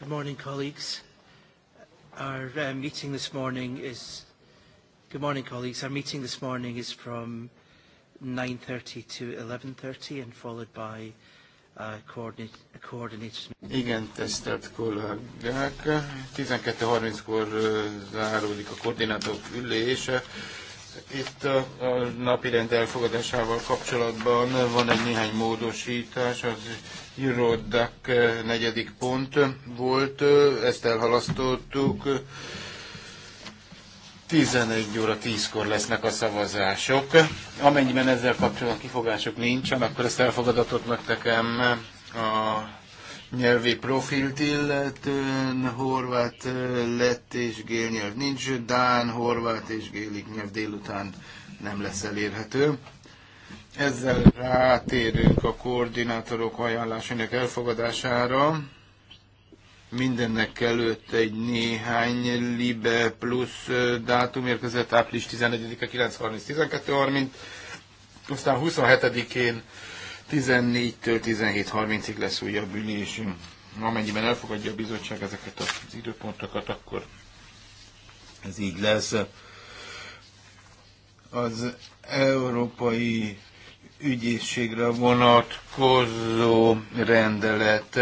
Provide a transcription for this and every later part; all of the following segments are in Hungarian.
Good morning, colleagues. Our uh, meeting this morning is... Good morning, colleagues. Our meeting this morning is from 9.30 to 11.30 and followed by uh, a coordinate, coordinators. Igen, tisztelt kollégák. 12.30-kor uh, záródik a koordinátorok ülése. Itt a, a napirend elfogadásával kapcsolatban van egy néhány módosítás, az Eurodac eh, negyedik pont volt, eh, ezt elhalasztottuk. 11 óra 10-kor lesznek a szavazások. Amennyiben ezzel kapcsolatban kifogások nincsen, akkor ezt elfogadatot megtekem a nyelvi profilt illetően horvát, eh, lett és gél nyelv nincs, dán, horvát és gélik nyelv délután nem lesz elérhető. Ezzel rátérünk a koordinátorok ajánlásának elfogadására. Mindennek előtt egy néhány libe plusz eh, dátum érkezett április 11-e 9.30-12.30, aztán 27-én 14-től 17.30-ig lesz újabb ülésünk. Amennyiben elfogadja a bizottság ezeket az időpontokat, akkor ez így lesz. Az európai ügyészségre vonatkozó rendelet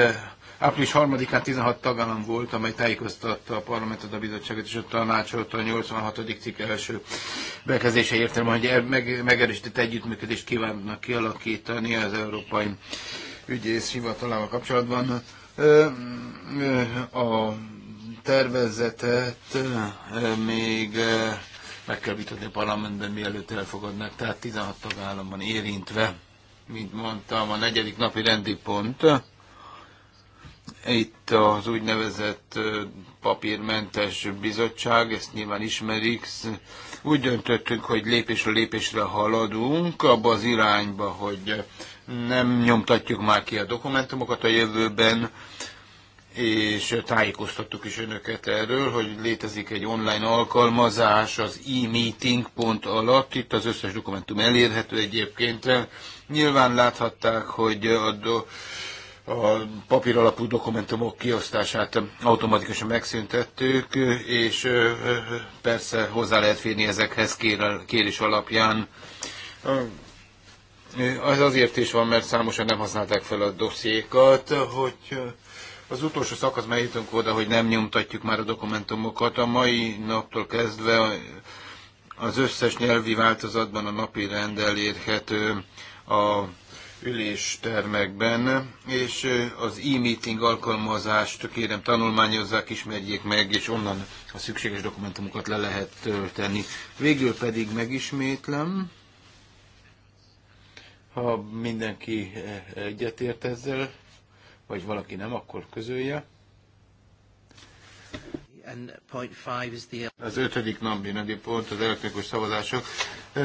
Április 3-án 16 tagállam volt, amely tájékoztatta a parlamentet, a bizottságot és a tanácsot a 86. cikk első bekezdése értelme, hogy meg, megerősített együttműködést kívánnak kialakítani az Európai Ügyész Hivatalával kapcsolatban. A tervezetet még meg kell vitatni a parlamentben, mielőtt elfogadnak, tehát 16 tagállamban érintve, mint mondtam, a negyedik napi rendi pont. Itt az úgynevezett papírmentes bizottság, ezt nyilván ismerik, úgy döntöttünk, hogy lépésről lépésre haladunk abba az irányba, hogy nem nyomtatjuk már ki a dokumentumokat a jövőben, és tájékoztattuk is önöket erről, hogy létezik egy online alkalmazás az e-meeting pont alatt, itt az összes dokumentum elérhető egyébként. Nyilván láthatták, hogy a do- a papír alapú dokumentumok kiosztását automatikusan megszüntettük, és persze hozzá lehet férni ezekhez kérés alapján. Az azért is van, mert számosan nem használták fel a dossziékat, hogy az utolsó szakaszban jutunk oda, hogy nem nyomtatjuk már a dokumentumokat. A mai naptól kezdve az összes nyelvi változatban a napi rend elérhető a üléstermekben, és az e-meeting alkalmazást kérem tanulmányozzák, ismerjék meg, és onnan a szükséges dokumentumokat le lehet tölteni. Végül pedig megismétlem, ha mindenki e, egyetért ezzel, vagy valaki nem, akkor közölje. Az ötödik napi nagy pont az elektronikus szavazások.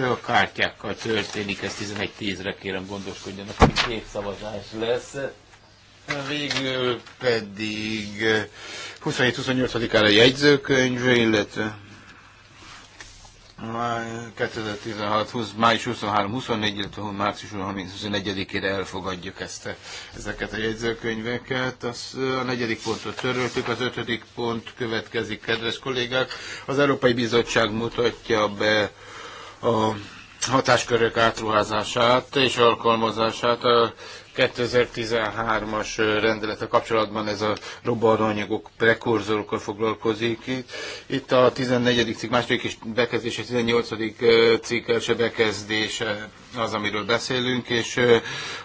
A kártyákkal történik, ez 11-10-re kérem gondoskodjanak, hogy két szavazás lesz. Végül pedig 27 28 ára jegyzőkönyv, illetve 2016-20, május 23-24, illetve március 24-ére elfogadjuk ezt, ezeket a jegyzőkönyveket. Az, a negyedik pontot töröltük, az ötödik pont következik, kedves kollégák. Az Európai Bizottság mutatja be a hatáskörök átruházását és alkalmazását 2013-as rendelete kapcsolatban ez a robbanóanyagok prekurzorokkal foglalkozik. Itt a 14. cikk második és bekezdés, a 18. cikk első bekezdés az, amiről beszélünk, és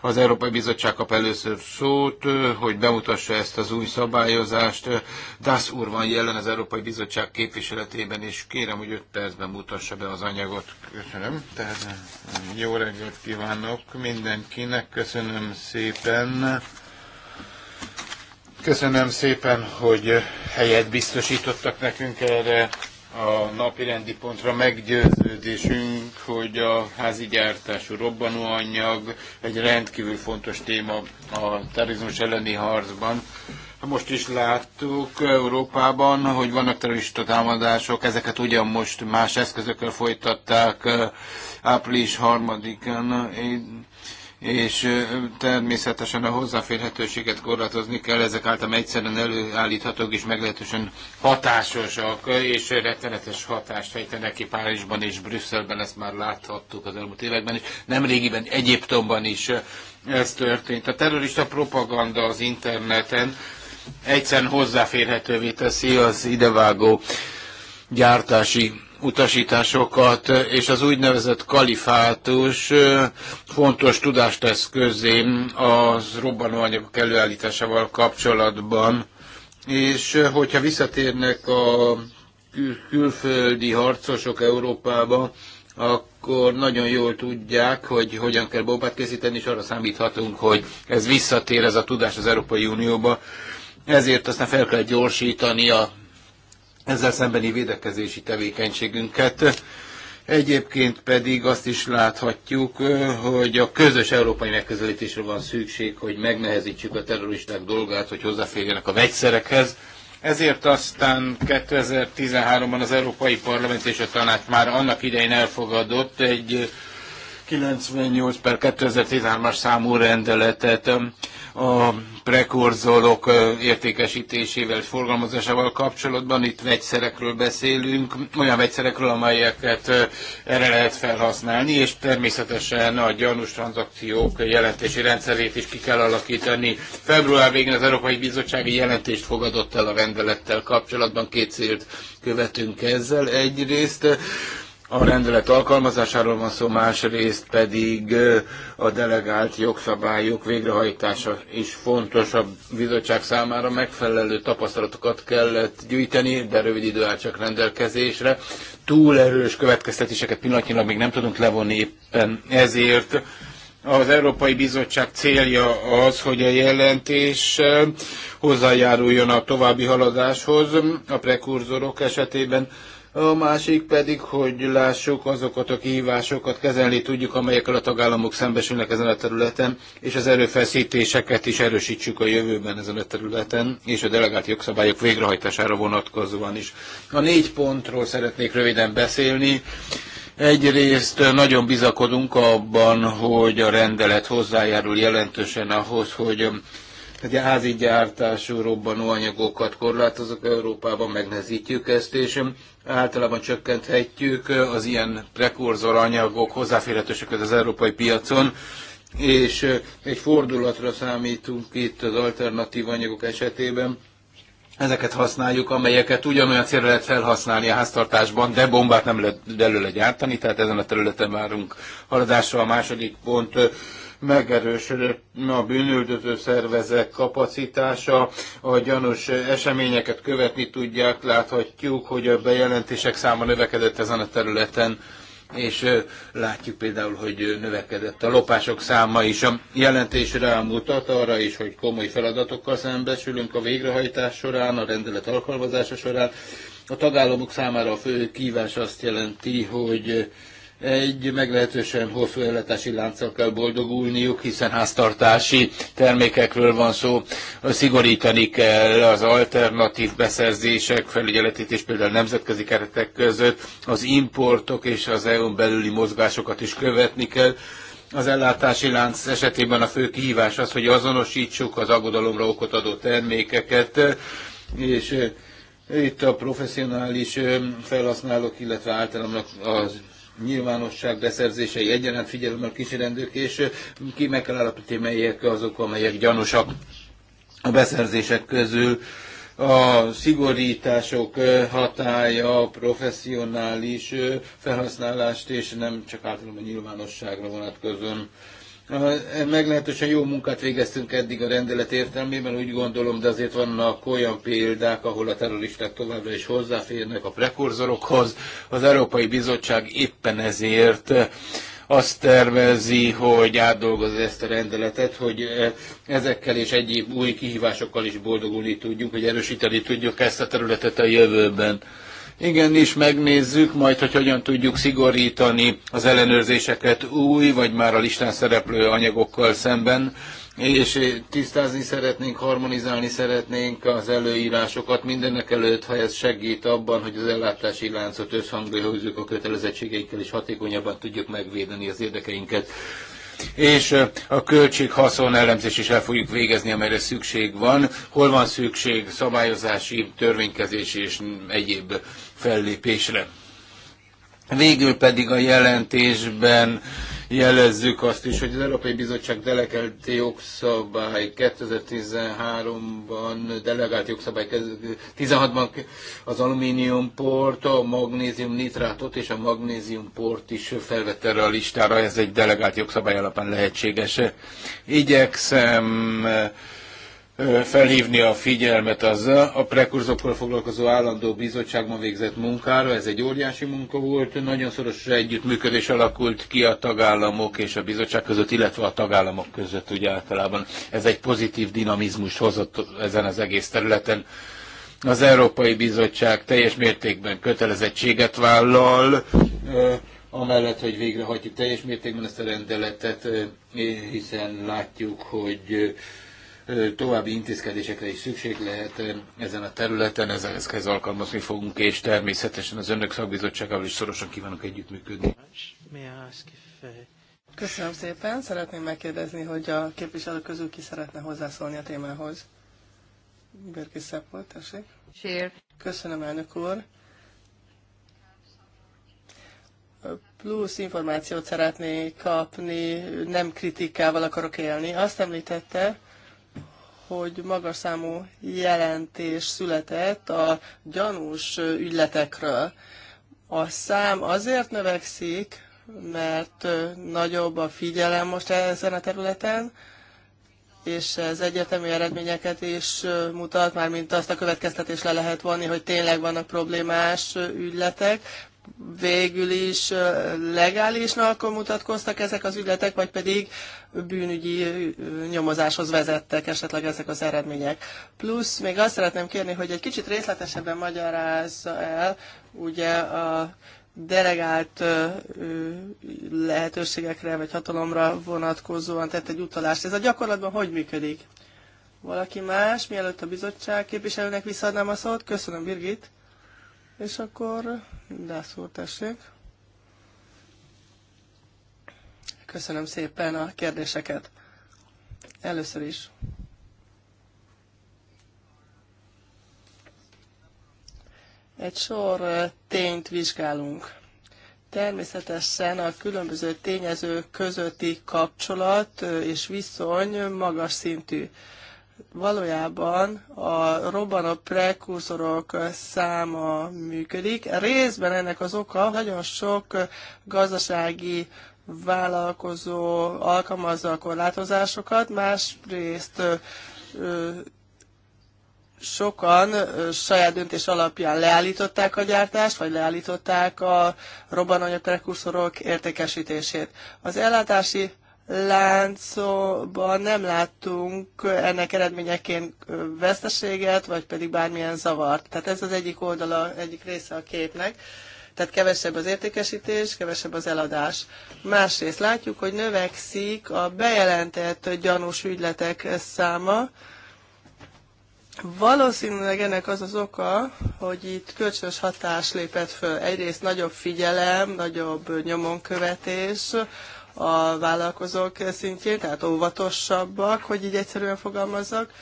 az Európai Bizottság kap először szót, hogy bemutassa ezt az új szabályozást. DAS úr van jelen az Európai Bizottság képviseletében, és kérem, hogy 5 percben mutassa be az anyagot. Köszönöm. Tehát jó reggelt kívánok mindenkinek. Köszönöm szépen. Köszönöm szépen, hogy helyet biztosítottak nekünk erre a napirendi pontra meggyőződésünk, hogy a házi gyártású robbanóanyag egy rendkívül fontos téma a terrorizmus elleni harcban. Most is láttuk Európában, hogy vannak terrorista támadások, ezeket ugyan most más eszközökkel folytatták április harmadikán és természetesen a hozzáférhetőséget korlátozni kell, ezek által egyszerűen előállíthatók és meglehetősen hatásosak, és rettenetes hatást fejtenek ki Párizsban és Brüsszelben, ezt már láthattuk az elmúlt években, és nemrégiben Egyiptomban is ez történt. A terrorista propaganda az interneten egyszerűen hozzáférhetővé teszi az idevágó gyártási utasításokat, és az úgynevezett kalifátus fontos tudást tesz közé az robbanóanyagok előállításával kapcsolatban. És hogyha visszatérnek a kül- külföldi harcosok Európába, akkor nagyon jól tudják, hogy hogyan kell bombát készíteni, és arra számíthatunk, hogy ez visszatér ez a tudás az Európai Unióba. Ezért aztán fel kell gyorsítani a ezzel szembeni védekezési tevékenységünket. Egyébként pedig azt is láthatjuk, hogy a közös európai megközelítésre van szükség, hogy megnehezítsük a terroristák dolgát, hogy hozzáférjenek a vegyszerekhez. Ezért aztán 2013-ban az Európai Parlament és a Tanács már annak idején elfogadott egy 98 per 2013-as számú rendeletet, a prekurzorok értékesítésével, forgalmazásával kapcsolatban. Itt vegyszerekről beszélünk, olyan vegyszerekről, amelyeket erre lehet felhasználni, és természetesen a gyanús tranzakciók jelentési rendszerét is ki kell alakítani. Február végén az Európai Bizottsági jelentést fogadott el a rendelettel kapcsolatban, két célt követünk ezzel. Egyrészt a rendelet alkalmazásáról van szó, másrészt pedig a delegált jogszabályok végrehajtása is fontos a bizottság számára. Megfelelő tapasztalatokat kellett gyűjteni, de rövid idő áll csak rendelkezésre. Túl erős következtetéseket pillanatnyilag még nem tudunk levonni éppen ezért. Az Európai Bizottság célja az, hogy a jelentés hozzájáruljon a további haladáshoz a prekurzorok esetében a másik pedig, hogy lássuk azokat a kihívásokat, kezelni tudjuk, amelyekkel a tagállamok szembesülnek ezen a területen, és az erőfeszítéseket is erősítsük a jövőben ezen a területen, és a delegált jogszabályok végrehajtására vonatkozóan is. A négy pontról szeretnék röviden beszélni. Egyrészt nagyon bizakodunk abban, hogy a rendelet hozzájárul jelentősen ahhoz, hogy hogy a házi gyártású robbanóanyagokat korlátozok Európában, megnehezítjük ezt, és általában csökkenthetjük az ilyen prekurzor anyagok hozzáférhetősöket az európai piacon, és egy fordulatra számítunk itt az alternatív anyagok esetében, ezeket használjuk, amelyeket ugyanolyan célra lehet felhasználni a háztartásban, de bombát nem lehet belőle gyártani, tehát ezen a területen várunk haladásra. A második pont megerősödött a bűnüldöző szervezek kapacitása, a gyanús eseményeket követni tudják, láthatjuk, hogy a bejelentések száma növekedett ezen a területen és látjuk például, hogy növekedett a lopások száma is. A jelentés rámutat arra is, hogy komoly feladatokkal szembesülünk a végrehajtás során, a rendelet alkalmazása során. A tagállamok számára a fő kívás azt jelenti, hogy egy meglehetősen hosszú ellátási lánccal kell boldogulniuk, hiszen háztartási termékekről van szó. Szigorítani kell az alternatív beszerzések felügyeletét és például nemzetközi keretek között az importok és az EU-n belüli mozgásokat is követni kell. Az ellátási lánc esetében a fő kihívás az, hogy azonosítsuk az aggodalomra okot adó termékeket, és eh, itt a professzionális eh, felhasználók, illetve általában az nyilvánosság beszerzései egyaránt figyelemmel kísérendők, és ki meg kell állapítani, melyek azok, amelyek gyanúsak a beszerzések közül. A szigorítások hatája a professzionális felhasználást, és nem csak általában a nyilvánosságra vonatkozóan E, meglehetősen jó munkát végeztünk eddig a rendelet értelmében, úgy gondolom, de azért vannak olyan példák, ahol a terroristák továbbra is hozzáférnek a prekurzorokhoz. Az Európai Bizottság éppen ezért e, azt tervezi, hogy átdolgozza ezt a rendeletet, hogy e, ezekkel és egyéb új kihívásokkal is boldogulni tudjunk, hogy erősíteni tudjuk ezt a területet a jövőben. Igen, is megnézzük majd, hogy hogyan tudjuk szigorítani az ellenőrzéseket új, vagy már a listán szereplő anyagokkal szemben, és tisztázni szeretnénk, harmonizálni szeretnénk az előírásokat mindennek előtt, ha ez segít abban, hogy az ellátási láncot összhangba a kötelezettségeinkkel, és hatékonyabban tudjuk megvédeni az érdekeinket és a költség elemzés is el fogjuk végezni, amelyre szükség van, hol van szükség szabályozási, törvénykezési és egyéb fellépésre. Végül pedig a jelentésben jelezzük azt is, hogy az Európai Bizottság delegált jogszabály 2013-ban, delegált jogszabály 16-ban az alumíniumport, a magnézium nitrátot és a magnéziumport is felvette erre a listára, ez egy delegált jogszabály alapán lehetséges. Igyekszem felhívni a figyelmet az a prekurzokkal foglalkozó állandó bizottságban végzett munkára. Ez egy óriási munka volt, nagyon szoros együttműködés alakult ki a tagállamok és a bizottság között, illetve a tagállamok között ugye általában. Ez egy pozitív dinamizmus hozott ezen az egész területen. Az Európai Bizottság teljes mértékben kötelezettséget vállal, amellett, hogy végrehajtjuk teljes mértékben ezt a rendeletet, hiszen látjuk, hogy további intézkedésekre is szükség lehet ezen a területen, ezekhez alkalmazni fogunk, és természetesen az önök szakbizottságával is szorosan kívánok együttműködni. Uh, Köszönöm szépen. Szeretném megkérdezni, hogy a képviselők közül ki szeretne hozzászólni a témához. Birki Szeppol, tessék. Köszönöm, elnök úr. Plusz információt szeretnék kapni, nem kritikával akarok élni. Azt említette, hogy magas számú jelentés született a gyanús ügyletekről. A szám azért növekszik, mert nagyobb a figyelem most ezen a területen, és ez egyetemi eredményeket is mutat, mármint azt a következtetés le lehet vonni, hogy tényleg vannak problémás ügyletek, végül is legálisnak mutatkoztak ezek az ügyletek, vagy pedig bűnügyi nyomozáshoz vezettek esetleg ezek az eredmények. Plusz még azt szeretném kérni, hogy egy kicsit részletesebben magyarázza el, ugye a delegált lehetőségekre vagy hatalomra vonatkozóan tett egy utalást. Ez a gyakorlatban hogy működik? Valaki más, mielőtt a bizottság képviselőnek visszaadnám a szót? Köszönöm, Birgit. És akkor, Dász úr, tessék. Köszönöm szépen a kérdéseket. Először is. Egy sor tényt vizsgálunk. Természetesen a különböző tényezők közötti kapcsolat és viszony magas szintű valójában a robbanó prekurzorok száma működik. Részben ennek az oka nagyon sok gazdasági vállalkozó alkalmazza a korlátozásokat, másrészt sokan saját döntés alapján leállították a gyártást, vagy leállították a Robbanó prekurzorok értékesítését. Az ellátási láncban nem láttunk ennek eredményeként veszteséget, vagy pedig bármilyen zavart. Tehát ez az egyik oldala, egyik része a képnek. Tehát kevesebb az értékesítés, kevesebb az eladás. Másrészt látjuk, hogy növekszik a bejelentett gyanús ügyletek száma. Valószínűleg ennek az az oka, hogy itt kölcsönös hatás lépett föl. Egyrészt nagyobb figyelem, nagyobb nyomonkövetés, a vállalkozók szintjén, tehát óvatosabbak, hogy így egyszerűen fogalmazzak.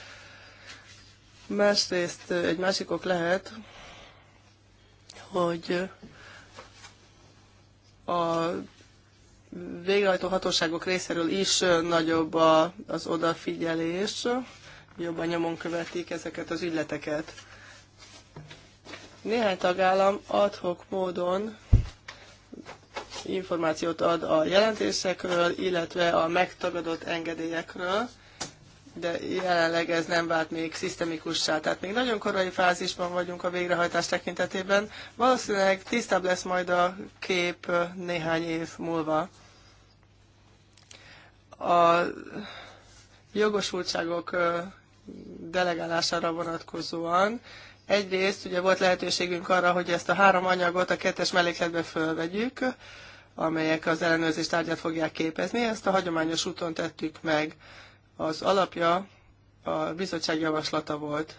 Másrészt egy másik ok lehet, hogy a végrehajtó hatóságok részéről is nagyobb a, az odafigyelés, jobban nyomon követik ezeket az ügyleteket. Néhány tagállam adhok módon információt ad a jelentésekről, illetve a megtagadott engedélyekről, de jelenleg ez nem vált még szisztemikussá. Tehát még nagyon korai fázisban vagyunk a végrehajtás tekintetében. Valószínűleg tisztább lesz majd a kép néhány év múlva. A jogosultságok delegálására vonatkozóan egyrészt ugye volt lehetőségünk arra, hogy ezt a három anyagot a kettes mellékletbe fölvegyük, amelyek az ellenőrzés tárgyát fogják képezni. Ezt a hagyományos úton tettük meg. Az alapja a bizottság javaslata volt.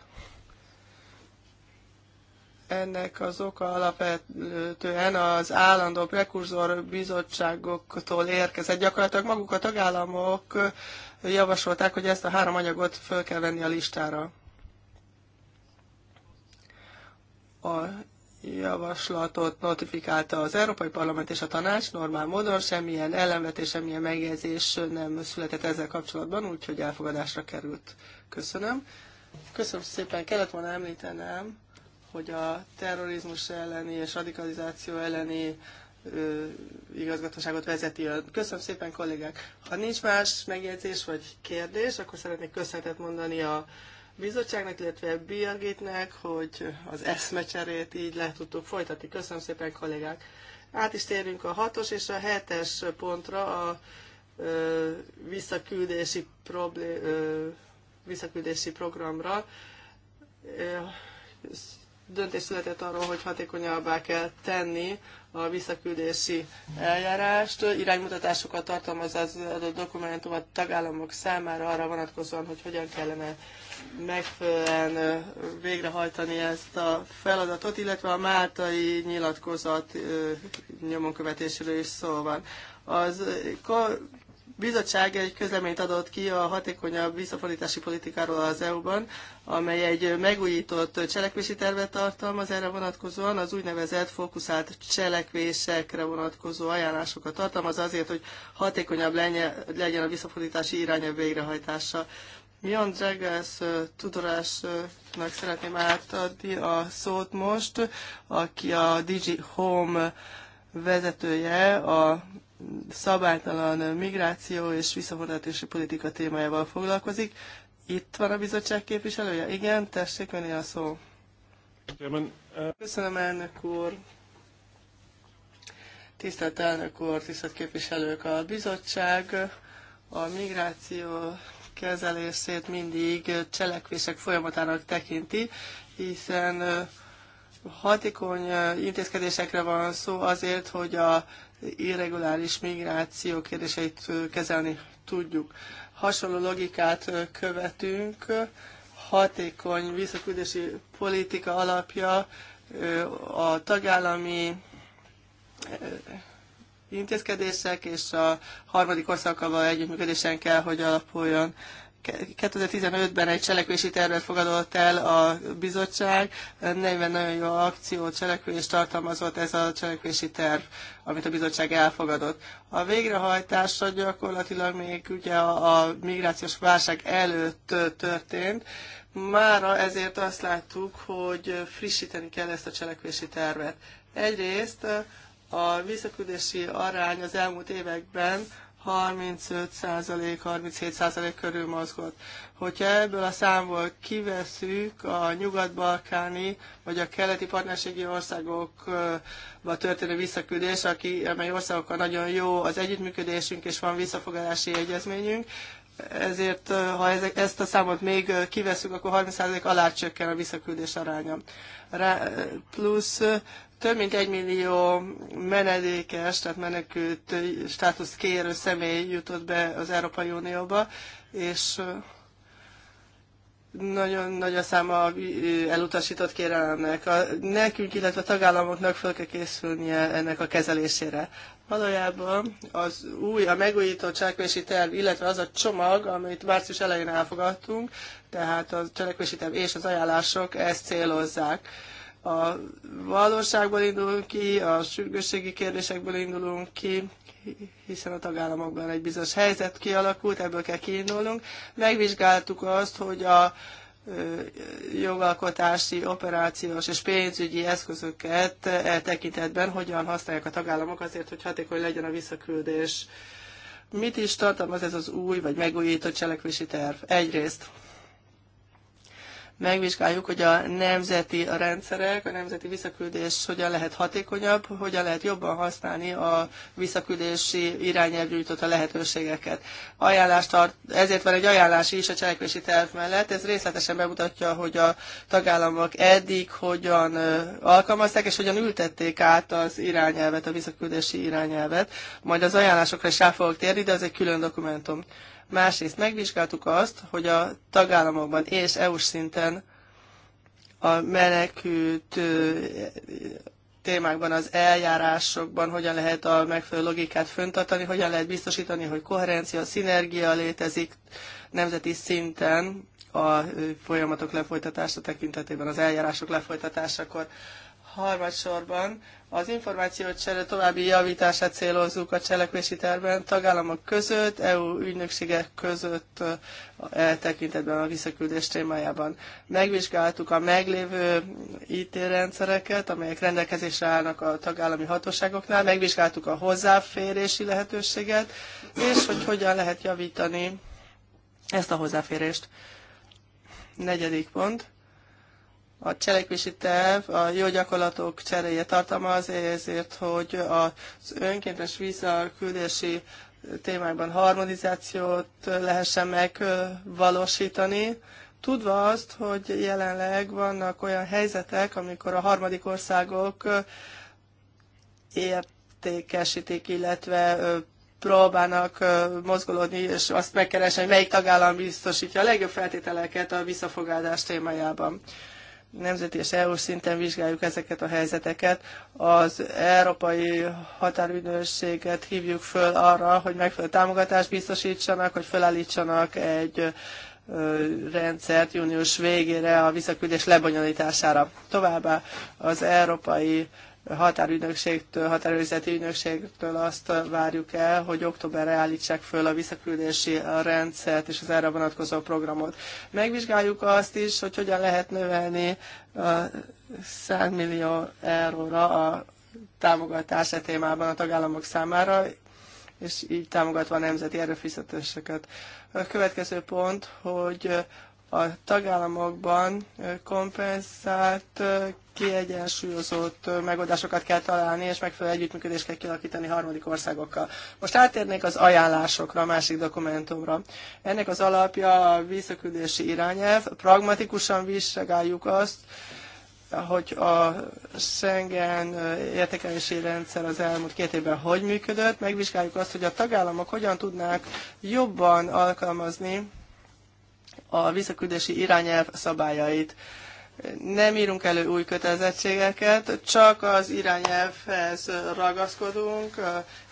Ennek az oka alapvetően az állandó prekurzor bizottságoktól érkezett. Gyakorlatilag maguk a tagállamok javasolták, hogy ezt a három anyagot föl kell venni a listára. A javaslatot notifikálta az Európai Parlament és a Tanács normál módon, semmilyen ellenvetés, semmilyen megjegyzés nem született ezzel kapcsolatban, úgyhogy elfogadásra került. Köszönöm. Köszönöm szépen, kellett volna említenem, hogy a terrorizmus elleni és radikalizáció elleni ö, igazgatóságot vezeti ön. Köszönöm szépen, kollégák! Ha nincs más megjegyzés vagy kérdés, akkor szeretnék köszönetet mondani a bizottságnak, illetve Birgitnek, hogy az eszmecserét így le tudtuk folytatni. Köszönöm szépen, kollégák! Át is térünk a hatos és a hetes pontra a ö, visszaküldési, problé, ö, visszaküldési programra. Ö, döntés született arról, hogy hatékonyabbá kell tenni a visszaküldési eljárást. Iránymutatásokat tartalmaz az adott dokumentum a tagállamok számára arra vonatkozóan, hogy hogyan kellene megfelelően végrehajtani ezt a feladatot, illetve a Máltai nyilatkozat nyomonkövetéséről is szó van. Az bizottság egy közleményt adott ki a hatékonyabb visszafordítási politikáról az EU-ban, amely egy megújított cselekvési tervet tartalmaz erre vonatkozóan, az úgynevezett fókuszált cselekvésekre vonatkozó ajánlásokat tartalmaz azért, hogy hatékonyabb legyen a visszafordítási irányelv végrehajtása. Mion Dragas tudorásnak szeretném átadni a szót most, aki a Digi Home vezetője a szabálytalan migráció és visszafordítási politika témájával foglalkozik. Itt van a bizottság képviselője? Igen, tessék, öné a szó. Uh, Köszönöm, elnök úr. Tisztelt elnök úr, tisztelt képviselők, a bizottság a migráció kezelését mindig cselekvések folyamatának tekinti, hiszen uh, hatékony intézkedésekre van szó azért, hogy a irreguláris migráció kérdéseit kezelni tudjuk. Hasonló logikát követünk, hatékony visszaküldési politika alapja a tagállami intézkedések és a harmadik országokkal együttműködésen kell, hogy alapuljon. 2015-ben egy cselekvési tervet fogadott el a bizottság, 40 nagyon jó akció, cselekvés tartalmazott ez a cselekvési terv, amit a bizottság elfogadott. A végrehajtásra gyakorlatilag még ugye a, a migrációs válság előtt történt, Mára ezért azt láttuk, hogy frissíteni kell ezt a cselekvési tervet. Egyrészt a visszaküldési arány az elmúlt években 35-37% körül mozgott. Hogyha ebből a számból kiveszük a nyugat-balkáni vagy a keleti partnerségi országokba történő visszaküldés, aki, amely országokkal nagyon jó az együttműködésünk és van visszafogadási egyezményünk, ezért ha ezt a számot még kiveszünk, akkor 30% alá csökken a visszaküldés aránya. Rá, plusz több mint egy millió menedékes, tehát menekült státuszt kérő személy jutott be az Európai Unióba, és nagyon nagy a száma elutasított kérelemnek. A, nekünk, illetve a tagállamoknak fel kell készülnie ennek a kezelésére. Valójában az új, a megújított cselekvési terv, illetve az a csomag, amit március elején elfogadtunk, tehát a cselekvési terv és az ajánlások ezt célozzák a valóságból indulunk ki, a sürgősségi kérdésekből indulunk ki, hiszen a tagállamokban egy bizonyos helyzet kialakult, ebből kell kiindulnunk. Megvizsgáltuk azt, hogy a jogalkotási, operációs és pénzügyi eszközöket e tekintetben hogyan használják a tagállamok azért, hogy hatékony legyen a visszaküldés. Mit is tartalmaz ez az új vagy megújított cselekvési terv? Egyrészt megvizsgáljuk, hogy a nemzeti rendszerek, a nemzeti visszaküldés hogyan lehet hatékonyabb, hogyan lehet jobban használni a visszaküldési irányelv a lehetőségeket. Ajánlást tart, ezért van egy ajánlás is a cselekvési terv mellett, ez részletesen bemutatja, hogy a tagállamok eddig hogyan alkalmazták, és hogyan ültették át az irányelvet, a visszaküldési irányelvet. Majd az ajánlásokra is rá fogok térni, de ez egy külön dokumentum. Másrészt megvizsgáltuk azt, hogy a tagállamokban és EU-s szinten a menekült témákban, az eljárásokban hogyan lehet a megfelelő logikát föntartani, hogyan lehet biztosítani, hogy koherencia, szinergia létezik nemzeti szinten a folyamatok lefolytatása tekintetében, az eljárások lefolytatásakor. Harmadsorban az információcsere további javítását célozzuk a cselekvési tervben tagállamok között, EU ügynökségek között e tekintetben a visszaküldés témájában. Megvizsgáltuk a meglévő IT rendszereket, amelyek rendelkezésre állnak a tagállami hatóságoknál, megvizsgáltuk a hozzáférési lehetőséget, és hogy hogyan lehet javítani ezt a hozzáférést. Negyedik pont a cselekvési terv a jó gyakorlatok cseréje tartalmaz, ezért, hogy az önkéntes visszaküldési témákban harmonizációt lehessen megvalósítani, tudva azt, hogy jelenleg vannak olyan helyzetek, amikor a harmadik országok értékesítik, illetve próbálnak mozgolódni, és azt megkeresni, hogy melyik tagállam biztosítja a legjobb feltételeket a visszafogadás témájában nemzeti és EU szinten vizsgáljuk ezeket a helyzeteket. Az Európai Határügynökséget hívjuk föl arra, hogy megfelelő támogatást biztosítsanak, hogy felállítsanak egy rendszert június végére a visszaküldés lebonyolítására. Továbbá az Európai határügynökségtől, határőrizeti ügynökségtől azt várjuk el, hogy októberre állítsák föl a visszaküldési rendszert és az erre vonatkozó programot. Megvizsgáljuk azt is, hogy hogyan lehet növelni 100 millió euróra a támogatás e témában a tagállamok számára, és így támogatva a nemzeti erőfizetéseket. A következő pont, hogy a tagállamokban kompenzált kiegyensúlyozott megoldásokat kell találni, és megfelelő együttműködést kell kialakítani harmadik országokkal. Most átérnék az ajánlásokra, a másik dokumentumra. Ennek az alapja a visszaküldési irányelv. Pragmatikusan vizsgáljuk azt, hogy a Schengen értékelési rendszer az elmúlt két évben hogy működött, megvizsgáljuk azt, hogy a tagállamok hogyan tudnák jobban alkalmazni a visszaküldési irányelv szabályait nem írunk elő új kötelezettségeket, csak az irányelvhez ragaszkodunk,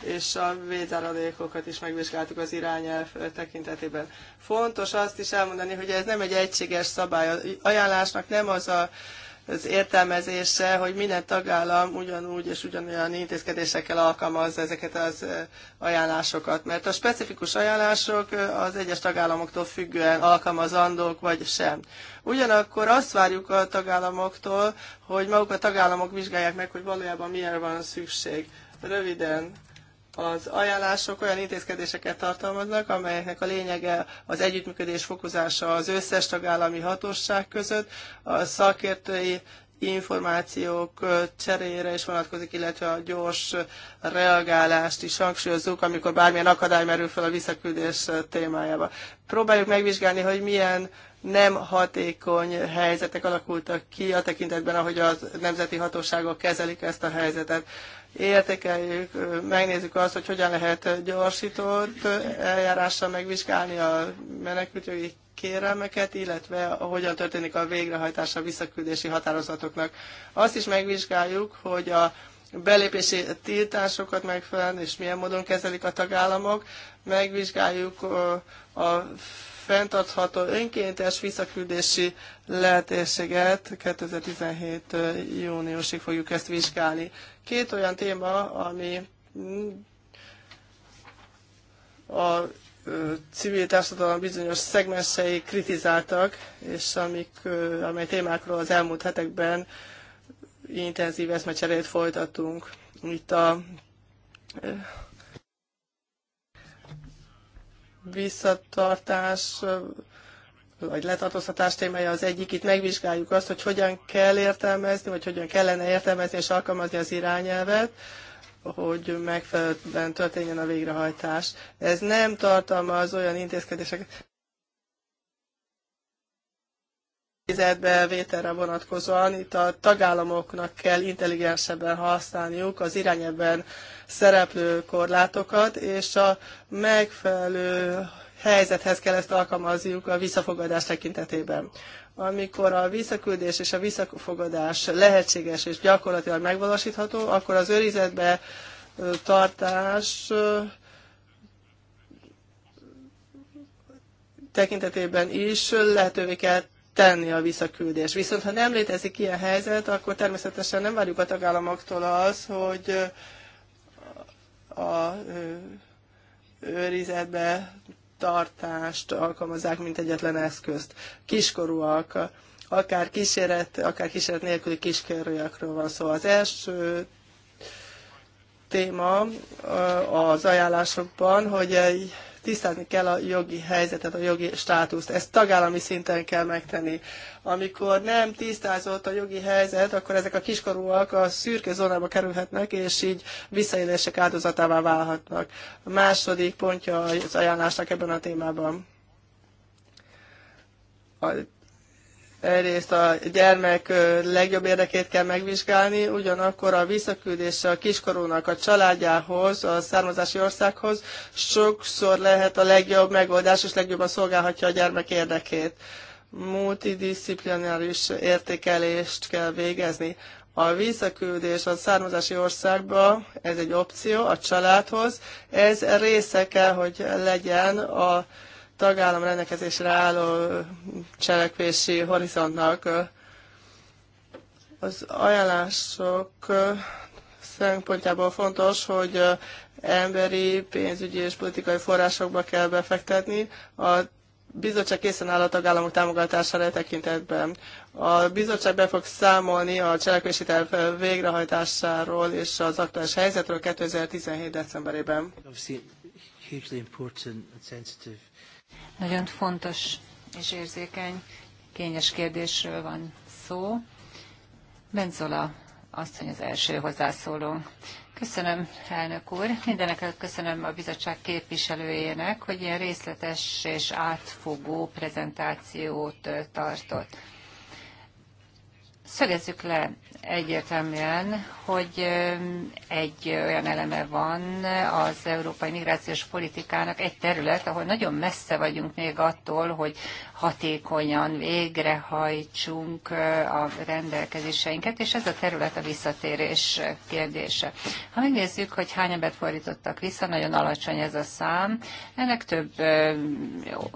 és a védzáradékokat is megvizsgáltuk az irányelv tekintetében. Fontos azt is elmondani, hogy ez nem egy egységes szabály. Az ajánlásnak nem az a az értelmezése, hogy minden tagállam ugyanúgy és ugyanolyan intézkedésekkel alkalmazza ezeket az ajánlásokat. Mert a specifikus ajánlások az egyes tagállamoktól függően alkalmazandók vagy sem. Ugyanakkor azt várjuk a tagállamoktól, hogy maguk a tagállamok vizsgálják meg, hogy valójában mire van szükség. Röviden, az ajánlások olyan intézkedéseket tartalmaznak, amelyeknek a lényege az együttműködés fokozása az összes tagállami hatóság között, a szakértői információk cseréjére is vonatkozik, illetve a gyors reagálást is hangsúlyozzuk, amikor bármilyen akadály merül fel a visszaküldés témájába. Próbáljuk megvizsgálni, hogy milyen nem hatékony helyzetek alakultak ki a tekintetben, ahogy a nemzeti hatóságok kezelik ezt a helyzetet. Értékeljük, megnézzük azt, hogy hogyan lehet gyorsított eljárással megvizsgálni a menekültjogi kérelmeket, illetve hogyan történik a végrehajtása a visszaküldési határozatoknak. Azt is megvizsgáljuk, hogy a belépési tiltásokat megfelelően és milyen módon kezelik a tagállamok. Megvizsgáljuk a fenntartható önkéntes visszaküldési lehetőséget 2017. júniusig fogjuk ezt vizsgálni. Két olyan téma, ami a civil társadalom bizonyos szegmensei kritizáltak, és amik, amely témákról az elmúlt hetekben intenzív eszmecserét folytattunk. Itt a visszatartás vagy letartóztatás témája az egyik. Itt megvizsgáljuk azt, hogy hogyan kell értelmezni, vagy hogyan kellene értelmezni és alkalmazni az irányelvet, hogy megfelelően történjen a végrehajtás. Ez nem tartalmaz olyan intézkedéseket, vételre vonatkozóan itt a tagállamoknak kell intelligensebben használniuk az irányebben szereplő korlátokat, és a megfelelő helyzethez kell ezt alkalmazniuk a visszafogadás tekintetében. Amikor a visszaküldés és a visszafogadás lehetséges és gyakorlatilag megvalósítható, akkor az őrizetbe tartás tekintetében is lehetővé kell tenni a visszaküldés. Viszont ha nem létezik ilyen helyzet, akkor természetesen nem várjuk a tagállamoktól az, hogy a őrizetbe tartást alkalmazzák, mint egyetlen eszközt. Kiskorúak, akár kísérlet, akár kísérlet nélküli kiskorúakról van szó. az első téma az ajánlásokban, hogy egy tisztázni kell a jogi helyzetet, a jogi státuszt. Ezt tagállami szinten kell megtenni. Amikor nem tisztázott a jogi helyzet, akkor ezek a kiskorúak a szürke zónába kerülhetnek, és így visszaélések áldozatává válhatnak. A második pontja az ajánlásnak ebben a témában a Egyrészt a gyermek legjobb érdekét kell megvizsgálni, ugyanakkor a visszaküldés a kiskorúnak a családjához, a származási országhoz sokszor lehet a legjobb megoldás, és legjobban szolgálhatja a gyermek érdekét. Multidisziplináris értékelést kell végezni. A visszaküldés a származási országba, ez egy opció a családhoz, ez része kell, hogy legyen a tagállam rendelkezésre álló cselekvési horizontnak. Az ajánlások szempontjából fontos, hogy emberi, pénzügyi és politikai forrásokba kell befektetni. A bizottság készen áll a tagállamok támogatására e tekintetben. A bizottság be fog számolni a cselekvési terv végrehajtásáról és az aktuális helyzetről 2017. decemberében. Nagyon fontos és érzékeny, kényes kérdésről van szó. Benzola asszony az első hozzászóló. Köszönöm, elnök úr. Mindenek köszönöm a bizottság képviselőjének, hogy ilyen részletes és átfogó prezentációt tartott. Szögezzük le egyértelműen, hogy egy olyan eleme van az európai migrációs politikának, egy terület, ahol nagyon messze vagyunk még attól, hogy hatékonyan végrehajtsunk a rendelkezéseinket, és ez a terület a visszatérés kérdése. Ha megnézzük, hogy hány embert fordítottak vissza, nagyon alacsony ez a szám. Ennek több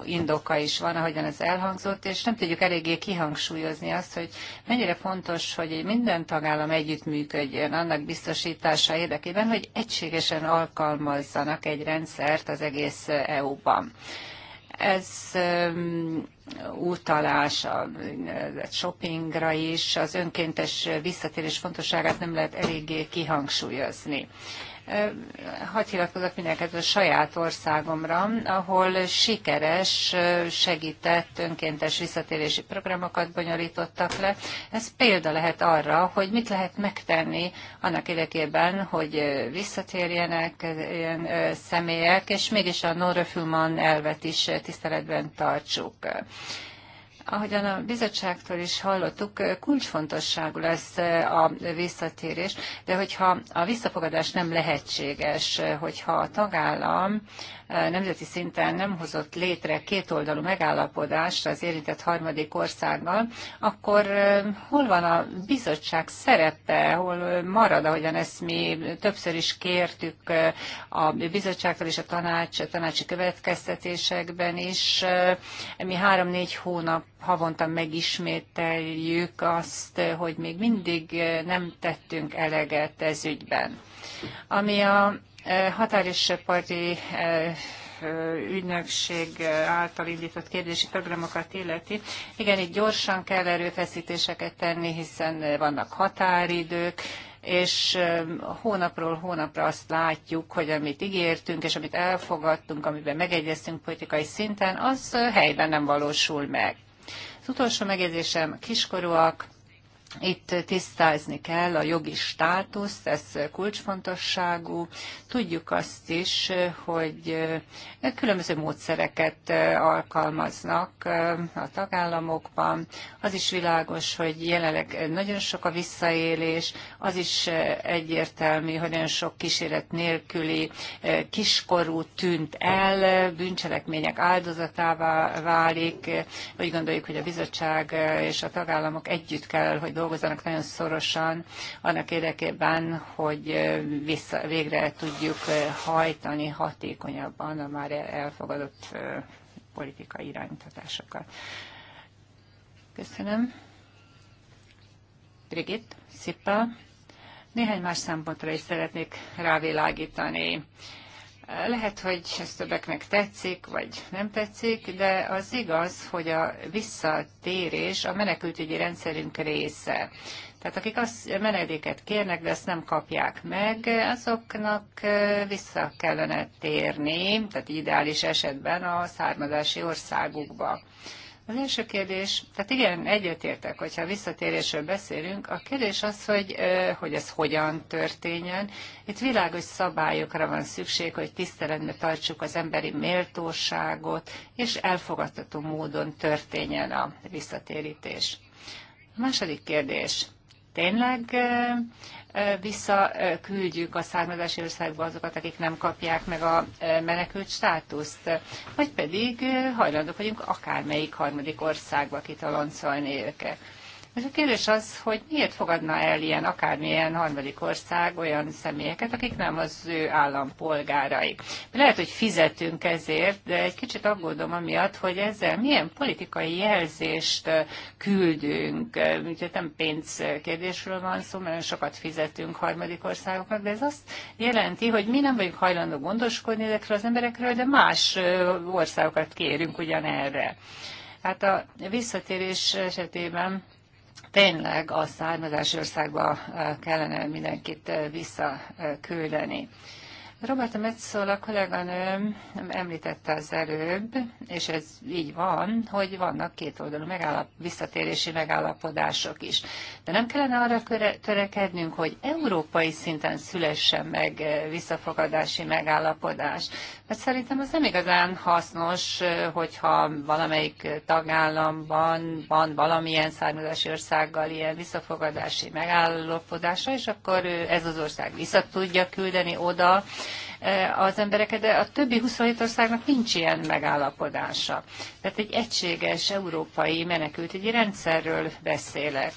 indoka is van, ahogyan ez elhangzott, és nem tudjuk eléggé kihangsúlyozni azt, hogy mennyire fontos, hogy minden tagállam együttműködjön annak biztosítása érdekében, hogy egységesen alkalmazzanak egy rendszert az egész EU-ban. Ez utalás a shoppingra is, az önkéntes visszatérés fontosságát nem lehet eléggé kihangsúlyozni. Hadd hivatkozok mindenkit a saját országomra, ahol sikeres, segített önkéntes visszatérési programokat bonyolítottak le. Ez példa lehet arra, hogy mit lehet megtenni annak érdekében, hogy visszatérjenek ilyen személyek, és mégis a non elvet is tiszteletben tartsuk. Ahogyan a bizottságtól is hallottuk, kulcsfontosságú lesz a visszatérés, de hogyha a visszafogadás nem lehetséges, hogyha a tagállam nemzeti szinten nem hozott létre kétoldalú megállapodást az érintett harmadik országgal, akkor hol van a bizottság szerepe, hol marad, ahogyan ezt mi többször is kértük a bizottságtól és a tanács, a tanácsi következtetésekben is. Mi három-négy hónap havonta megismételjük azt, hogy még mindig nem tettünk eleget ez ügyben. Ami a e, határ és parti e, e, ügynökség által indított kérdési programokat illeti. Igen, itt gyorsan kell erőfeszítéseket tenni, hiszen vannak határidők, és hónapról hónapra azt látjuk, hogy amit ígértünk, és amit elfogadtunk, amiben megegyeztünk politikai szinten, az helyben nem valósul meg utolsó megjegyzésem, kiskorúak, itt tisztázni kell a jogi státuszt, ez kulcsfontosságú. Tudjuk azt is, hogy különböző módszereket alkalmaznak a tagállamokban. Az is világos, hogy jelenleg nagyon sok a visszaélés, az is egyértelmű, hogy nagyon sok kíséret nélküli kiskorú tűnt el, bűncselekmények áldozatává válik. Úgy gondoljuk, hogy a bizottság és a tagállamok együtt kell, hogy dolgozzanak nagyon szorosan annak érdekében, hogy vissza, végre tudjuk hajtani hatékonyabban a már elfogadott politikai iránytatásokat. Köszönöm. Brigitt, Szippa, Néhány más szempontra is szeretnék rávilágítani. Lehet, hogy ez többeknek tetszik, vagy nem tetszik, de az igaz, hogy a visszatérés a menekültügyi rendszerünk része. Tehát akik azt menedéket kérnek, de ezt nem kapják meg, azoknak vissza kellene térni, tehát ideális esetben a származási országukba. Az első kérdés, tehát igen, egyetértek, hogyha visszatérésről beszélünk, a kérdés az, hogy, hogy ez hogyan történjen. Itt világos szabályokra van szükség, hogy tiszteletbe tartsuk az emberi méltóságot, és elfogadható módon történjen a visszatérítés. A második kérdés. Tényleg visszaküldjük a származási országba azokat, akik nem kapják meg a menekült státuszt, vagy pedig hajlandók vagyunk akármelyik harmadik országba kitoloncolni őket. És a kérdés az, hogy miért fogadna el ilyen akármilyen harmadik ország olyan személyeket, akik nem az ő állampolgárai. Lehet, hogy fizetünk ezért, de egy kicsit aggódom amiatt, hogy ezzel milyen politikai jelzést küldünk. Úgyhogy nem pénzkérdésről van szó, mert sokat fizetünk harmadik országoknak, de ez azt jelenti, hogy mi nem vagyunk hajlandó gondoskodni ezekről az emberekről, de más országokat kérünk ugyanerre. Hát a visszatérés esetében tényleg a származási országba eh, kellene mindenkit eh, visszaküldeni. Roberta Metzola kolléganőm említette az előbb, és ez így van, hogy vannak két oldalú megállap, visszatérési megállapodások is. De nem kellene arra törekednünk, hogy európai szinten szülessen meg visszafogadási megállapodás. Mert szerintem az nem igazán hasznos, hogyha valamelyik tagállamban van valamilyen származási országgal ilyen visszafogadási megállapodása, és akkor ez az ország vissza tudja küldeni oda, Eh, az embereket, de a többi 27 országnak nincs ilyen megállapodása. Tehát egy egységes európai menekült egy rendszerről beszélek.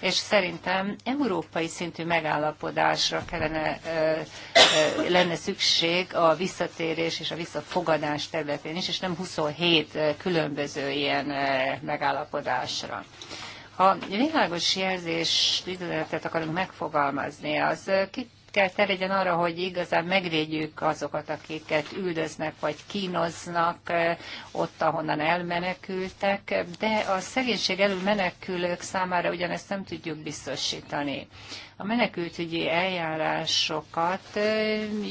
És szerintem európai szintű megállapodásra kellene, eh, eh, lenne szükség a visszatérés és a visszafogadás területén is, és nem 27 különböző ilyen megállapodásra. Ha világos jelzést, üzenetet akarunk megfogalmazni, az ki kell terjedjen arra, hogy igazán megvédjük azokat, akiket üldöznek vagy kínoznak ott, ahonnan elmenekültek, de a szegénység elől menekülők számára ugyanezt nem tudjuk biztosítani. A menekültügyi eljárásokat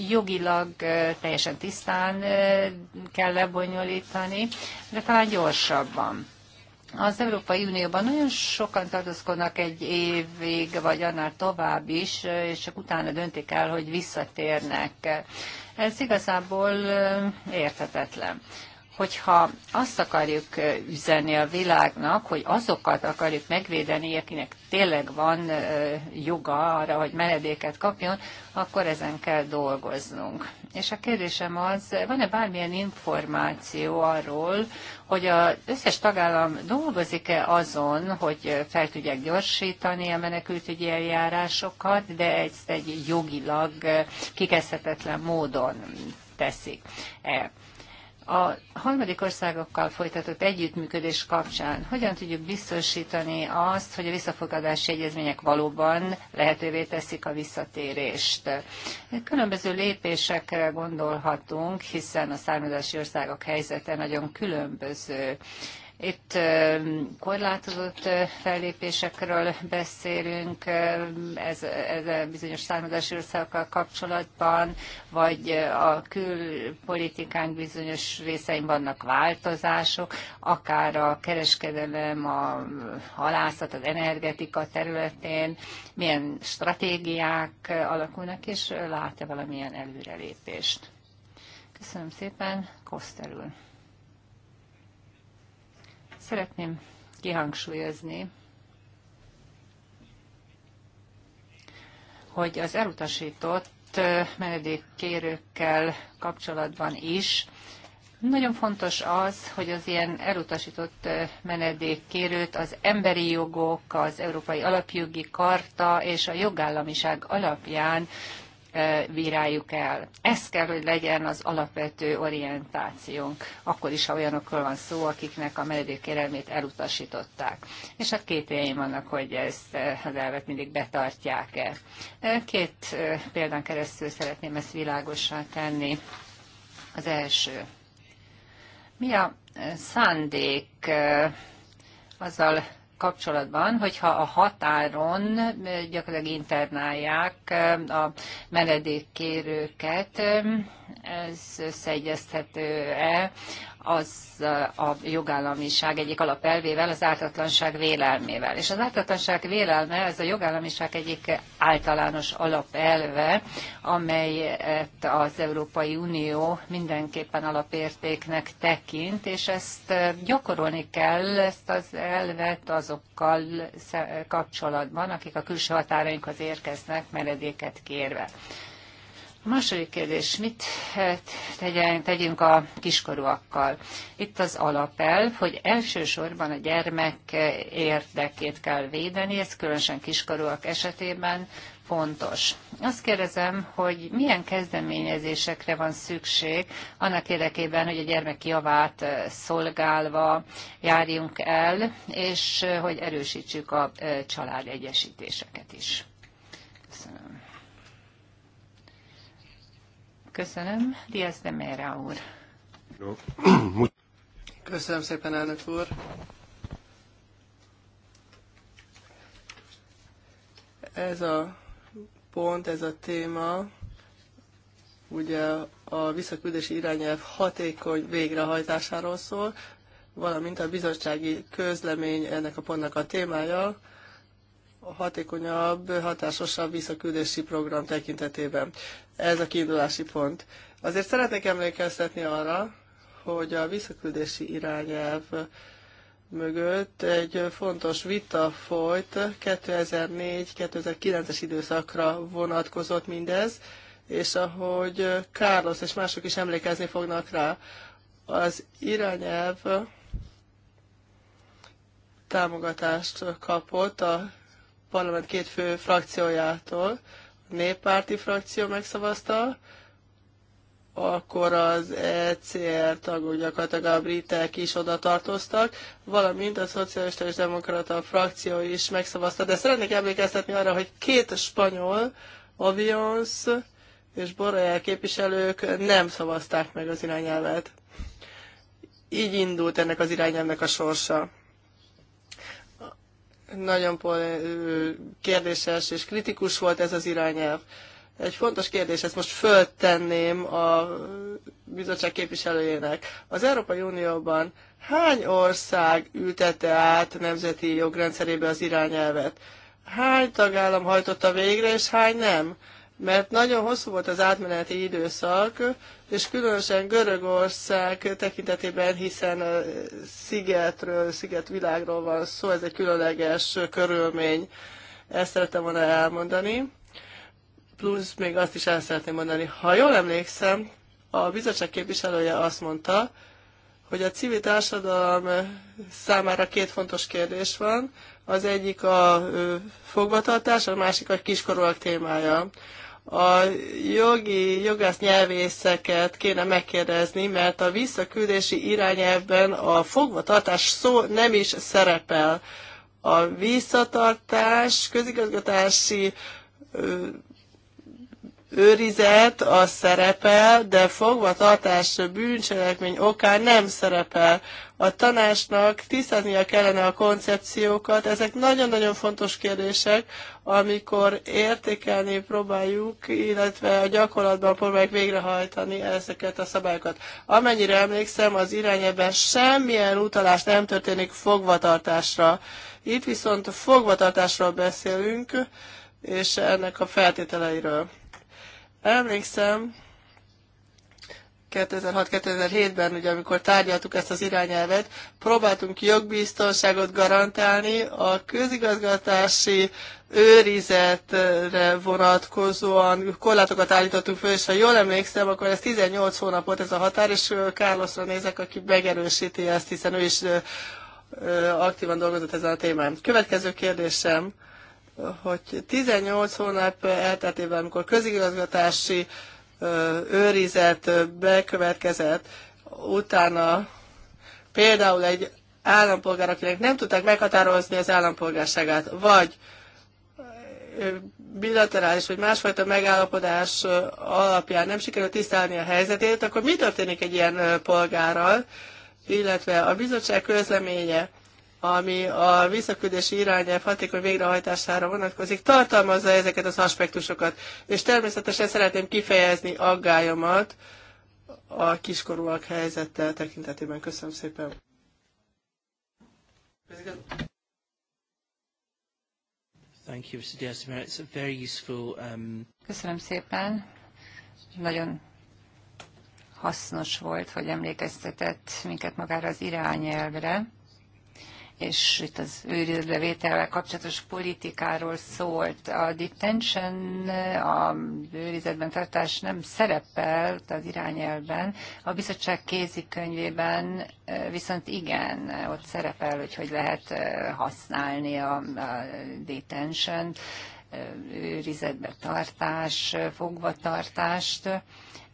jogilag teljesen tisztán kell lebonyolítani, de talán gyorsabban. Az Európai Unióban nagyon sokan tartózkodnak egy évig, vagy annál tovább is, és csak utána döntik el, hogy visszatérnek. Ez igazából érthetetlen hogyha azt akarjuk üzenni a világnak, hogy azokat akarjuk megvédeni, akinek tényleg van joga arra, hogy menedéket kapjon, akkor ezen kell dolgoznunk. És a kérdésem az, van-e bármilyen információ arról, hogy az összes tagállam dolgozik-e azon, hogy fel tudják gyorsítani a menekültügyi eljárásokat, de ezt egy jogilag kikezdhetetlen módon teszik. -e a harmadik országokkal folytatott együttműködés kapcsán hogyan tudjuk biztosítani azt, hogy a visszafogadási egyezmények valóban lehetővé teszik a visszatérést? Különböző lépésekre gondolhatunk, hiszen a származási országok helyzete nagyon különböző. Itt korlátozott fellépésekről beszélünk, ez, ez a bizonyos származási országokkal kapcsolatban, vagy a külpolitikánk bizonyos részein vannak változások, akár a kereskedelem, a halászat, az energetika területén, milyen stratégiák alakulnak, és lát-e valamilyen előrelépést. Köszönöm szépen, Koszterül. Szeretném kihangsúlyozni, hogy az elutasított menedékkérőkkel kapcsolatban is nagyon fontos az, hogy az ilyen elutasított menedékkérőt az emberi jogok, az Európai Alapjogi Karta és a jogállamiság alapján bíráljuk el. Ez kell, hogy legyen az alapvető orientációnk, akkor is, ha olyanokról van szó, akiknek a menedékkérelmét elutasították. És a kétéljeim vannak, hogy ezt az elvet mindig betartják-e. Két példán keresztül szeretném ezt világosan tenni. Az első. Mi a szándék azzal kapcsolatban, hogyha a határon gyakorlatilag internálják a menedékkérőket, ez összeegyezhető e az eh, a jogállamiság egyik alapelvével, az ártatlanság vélelmével. És az ártatlanság vélelme, ez a jogállamiság egyik általános alapelve, amelyet az Európai Unió mindenképpen alapértéknek tekint, és ezt eh, gyakorolni kell, ezt az elvet azokkal kapcsolatban, akik a külső határainkhoz érkeznek meredéket kérve. A második kérdés, mit eh, tegyen, tegyünk a kiskorúakkal? Itt az alapelv, hogy elsősorban a gyermek eh, érdekét kell védeni, ez különösen kiskorúak esetében fontos. Azt kérdezem, hogy milyen kezdeményezésekre van szükség annak érdekében, hogy a gyermek javát eh, szolgálva járjunk el, és hogy erősítsük a családegyesítéseket is. Köszönöm. Diaz de Mera úr. Köszönöm szépen, elnök úr. Ez a pont, ez a téma, ugye a visszaküldési irányelv hatékony végrehajtásáról szól, valamint a bizottsági közlemény ennek a pontnak a témája, hatékonyabb, hatásosabb visszaküldési program tekintetében. Ez a kiindulási pont. Azért szeretnék emlékeztetni arra, hogy a visszaküldési irányelv mögött egy fontos vita folyt, 2004-2009-es időszakra vonatkozott mindez, és ahogy Carlos és mások is emlékezni fognak rá, az irányelv támogatást kapott a parlament két fő frakciójától. A néppárti frakció megszavazta, akkor az ECR tagok gyakorlatilag a britek is oda tartoztak, valamint a Szocialista és Demokrata frakció is megszavazta. De szeretnék emlékeztetni arra, hogy két spanyol, Avions és Borrell képviselők nem szavazták meg az irányelvet. Így indult ennek az irányelvnek a sorsa. Nagyon kérdéses és kritikus volt ez az irányelv. Egy fontos kérdés, ezt most föltenném a bizottság képviselőjének. Az Európai Unióban hány ország ültette át nemzeti jogrendszerébe az irányelvet? Hány tagállam hajtotta végre, és hány nem? mert nagyon hosszú volt az átmeneti időszak, és különösen Görögország tekintetében, hiszen a szigetről, szigetvilágról van szó, ez egy különleges körülmény. Ezt szerettem volna elmondani. Plusz még azt is el szeretném mondani, ha jól emlékszem, a bizottság képviselője azt mondta, hogy a civil társadalom számára két fontos kérdés van. Az egyik a fogvatartás, a másik a kiskorúak témája a jogi jogász nyelvészeket kéne megkérdezni, mert a visszaküldési irányelvben a fogvatartás szó nem is szerepel. A visszatartás közigazgatási őrizet a szerepel, de fogvatartás bűncselekmény okán nem szerepel. A tanásnak tisztáznia kellene a koncepciókat. Ezek nagyon-nagyon fontos kérdések, amikor értékelni próbáljuk, illetve a gyakorlatban próbáljuk végrehajtani ezeket a szabályokat. Amennyire emlékszem, az irányában semmilyen utalás nem történik fogvatartásra. Itt viszont fogvatartásról beszélünk, és ennek a feltételeiről. Emlékszem, 2006-2007-ben, ugye, amikor tárgyaltuk ezt az irányelvet, próbáltunk jogbiztonságot garantálni a közigazgatási őrizetre vonatkozóan korlátokat állítottunk föl, és ha jól emlékszem, akkor ez 18 hónapot ez a határ, és Carlosra nézek, aki megerősíti ezt, hiszen ő is aktívan dolgozott ezen a témán. Következő kérdésem, hogy 18 hónap elteltével, amikor közigazgatási őrizet bekövetkezett, utána például egy állampolgár, akinek nem tudták meghatározni az állampolgárságát, vagy bilaterális vagy másfajta megállapodás alapján nem sikerült tisztálni a helyzetét, akkor mi történik egy ilyen polgárral, illetve a bizottság közleménye ami a visszaküldési irányelv hatékony végrehajtására vonatkozik, tartalmazza ezeket az aspektusokat. És természetesen szeretném kifejezni aggályomat a kiskorúak helyzettel tekintetében. Köszönöm szépen. Thank you, Mr. diaz It's a very useful. Um... Köszönöm szépen. Nagyon hasznos volt, hogy emlékeztetett minket magára az irányelvre és itt az őrizetbevétellel kapcsolatos politikáról szólt. A detention, a őrizetben tartás nem szerepelt az irányelben, a bizottság kézikönyvében viszont igen, ott szerepel, hogy hogy lehet használni a, a detention, őrizetbe tartás, fogvatartást.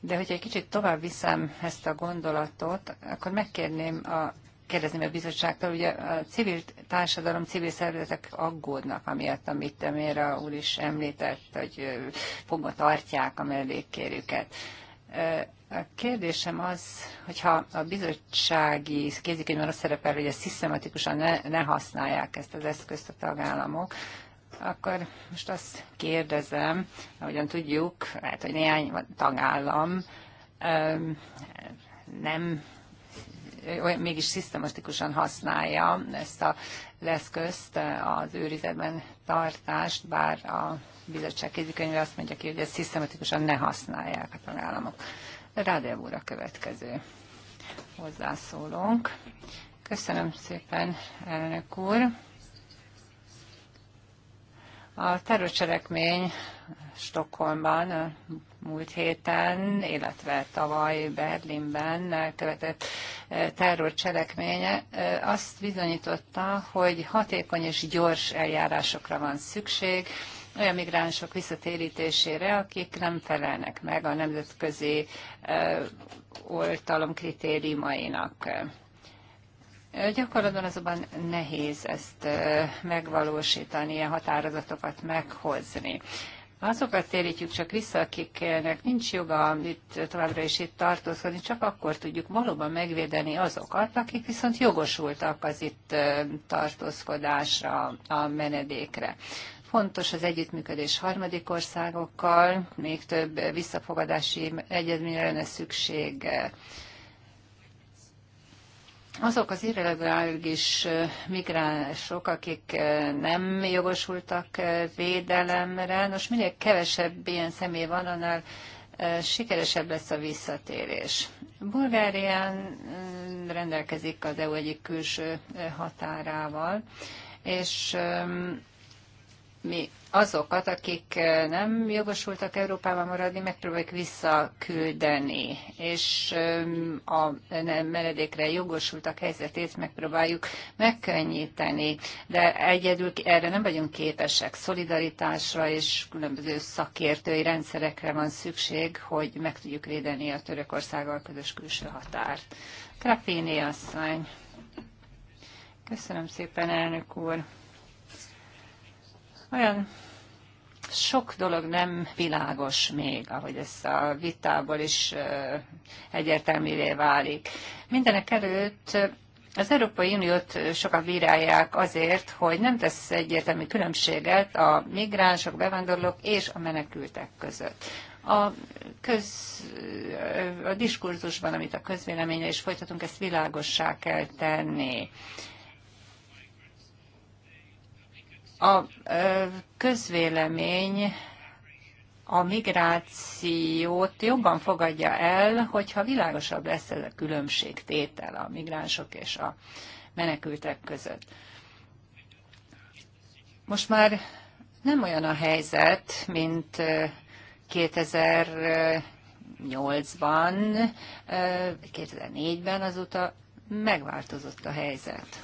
De hogyha egy kicsit tovább viszem ezt a gondolatot, akkor megkérném a kérdezném a bizottságtól, ugye a civil társadalom, civil szervezetek aggódnak amiatt, amit Temére úr is említett, hogy fogva tartják a mellékkérőket. A kérdésem az, hogyha a bizottsági kézikönyvben az szerepel, hogy ezt szisztematikusan ne, ne használják ezt az eszközt a tagállamok, akkor most azt kérdezem, ahogyan tudjuk, lehet, hogy néhány tagállam nem mégis szisztematikusan használja ezt a leszközt, az őrizetben tartást, bár a bizottság kézikönyve azt mondja ki, hogy ezt szisztematikusan ne használják a tagállamok. Rádev úr a következő hozzászólónk. Köszönöm szépen, elnök úr. A terrorcselekmény Stockholmban múlt héten, illetve tavaly Berlinben elkövetett eh, terrorcselekménye eh, azt bizonyította, hogy hatékony és gyors eljárásokra van szükség, olyan migránsok visszatérítésére, akik nem felelnek meg a nemzetközi eh, oltalom kritériumainak. Gyakorlatban azonban nehéz ezt megvalósítani, ilyen határozatokat meghozni. Azokat térítjük csak vissza, akiknek nincs joga amit továbbra is itt tartózkodni, csak akkor tudjuk valóban megvédeni azokat, akik viszont jogosultak az itt tartózkodásra, a menedékre. Fontos az együttműködés harmadik országokkal, még több visszafogadási egyezményre lenne szükség azok az irreguláris migránsok, akik nem jogosultak védelemre, most minél kevesebb ilyen személy van, annál sikeresebb lesz a visszatérés. Bulgárián rendelkezik az EU egyik külső határával, és mi azokat, akik eh, nem jogosultak Európában maradni, megpróbáljuk visszaküldeni, és a menedékre jogosultak helyzetét megpróbáljuk megkönnyíteni, de egyedül erre nem vagyunk képesek. Szolidaritásra és különböző szakértői rendszerekre van szükség, hogy meg tudjuk védeni a Törökországgal közös külső határt. Trapéni asszony. Köszönöm szépen, elnök úr. Olyan sok dolog nem világos még, ahogy ezt a vitából is egyértelművé válik. Mindenek előtt az Európai Uniót sokan bírálják azért, hogy nem tesz egyértelmű különbséget a migránsok, bevándorlók és a menekültek között. A, köz, a diskurzusban, amit a közvéleménye is folytatunk, ezt világossá kell tenni. A közvélemény a migrációt jobban fogadja el, hogyha világosabb lesz ez a különbségtétel a migránsok és a menekültek között. Most már nem olyan a helyzet, mint 2008-ban, 2004-ben azóta megváltozott a helyzet.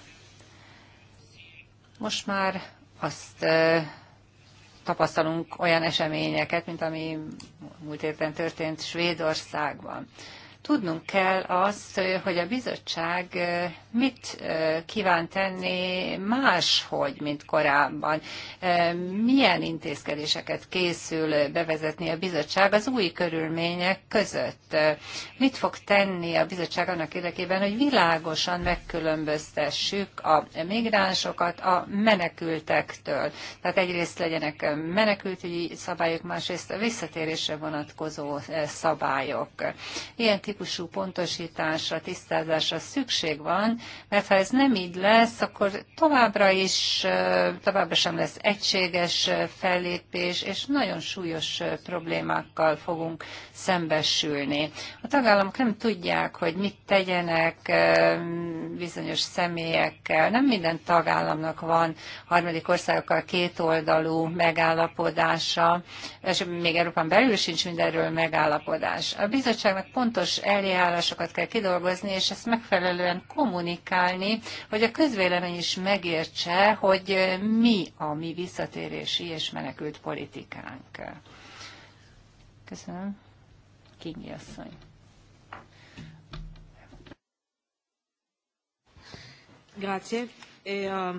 Most már azt tapasztalunk olyan eseményeket, mint ami múlt héten történt Svédországban. Tudnunk kell azt, hogy a bizottság mit kíván tenni máshogy, mint korábban. Milyen intézkedéseket készül bevezetni a bizottság az új körülmények között? Mit fog tenni a bizottság annak érdekében, hogy világosan megkülönböztessük a migránsokat a menekültektől? Tehát egyrészt legyenek menekültügyi szabályok, másrészt a visszatérésre vonatkozó szabályok. Ilyen típus típusú pontosításra, tisztázásra szükség van, mert ha ez nem így lesz, akkor továbbra is, továbbra sem lesz egységes fellépés, és nagyon súlyos problémákkal fogunk szembesülni. A tagállamok nem tudják, hogy mit tegyenek bizonyos személyekkel. Nem minden tagállamnak van harmadik országokkal kétoldalú megállapodása, és még Európán belül sincs mindenről megállapodás. A bizottságnak pontos eljárásokat kell kidolgozni, és ezt megfelelően kommunikálni, hogy a közvélemény is megértse, hogy mi a mi visszatérési és menekült politikánk. Köszönöm. Kingi asszony. Grazie. E, uh,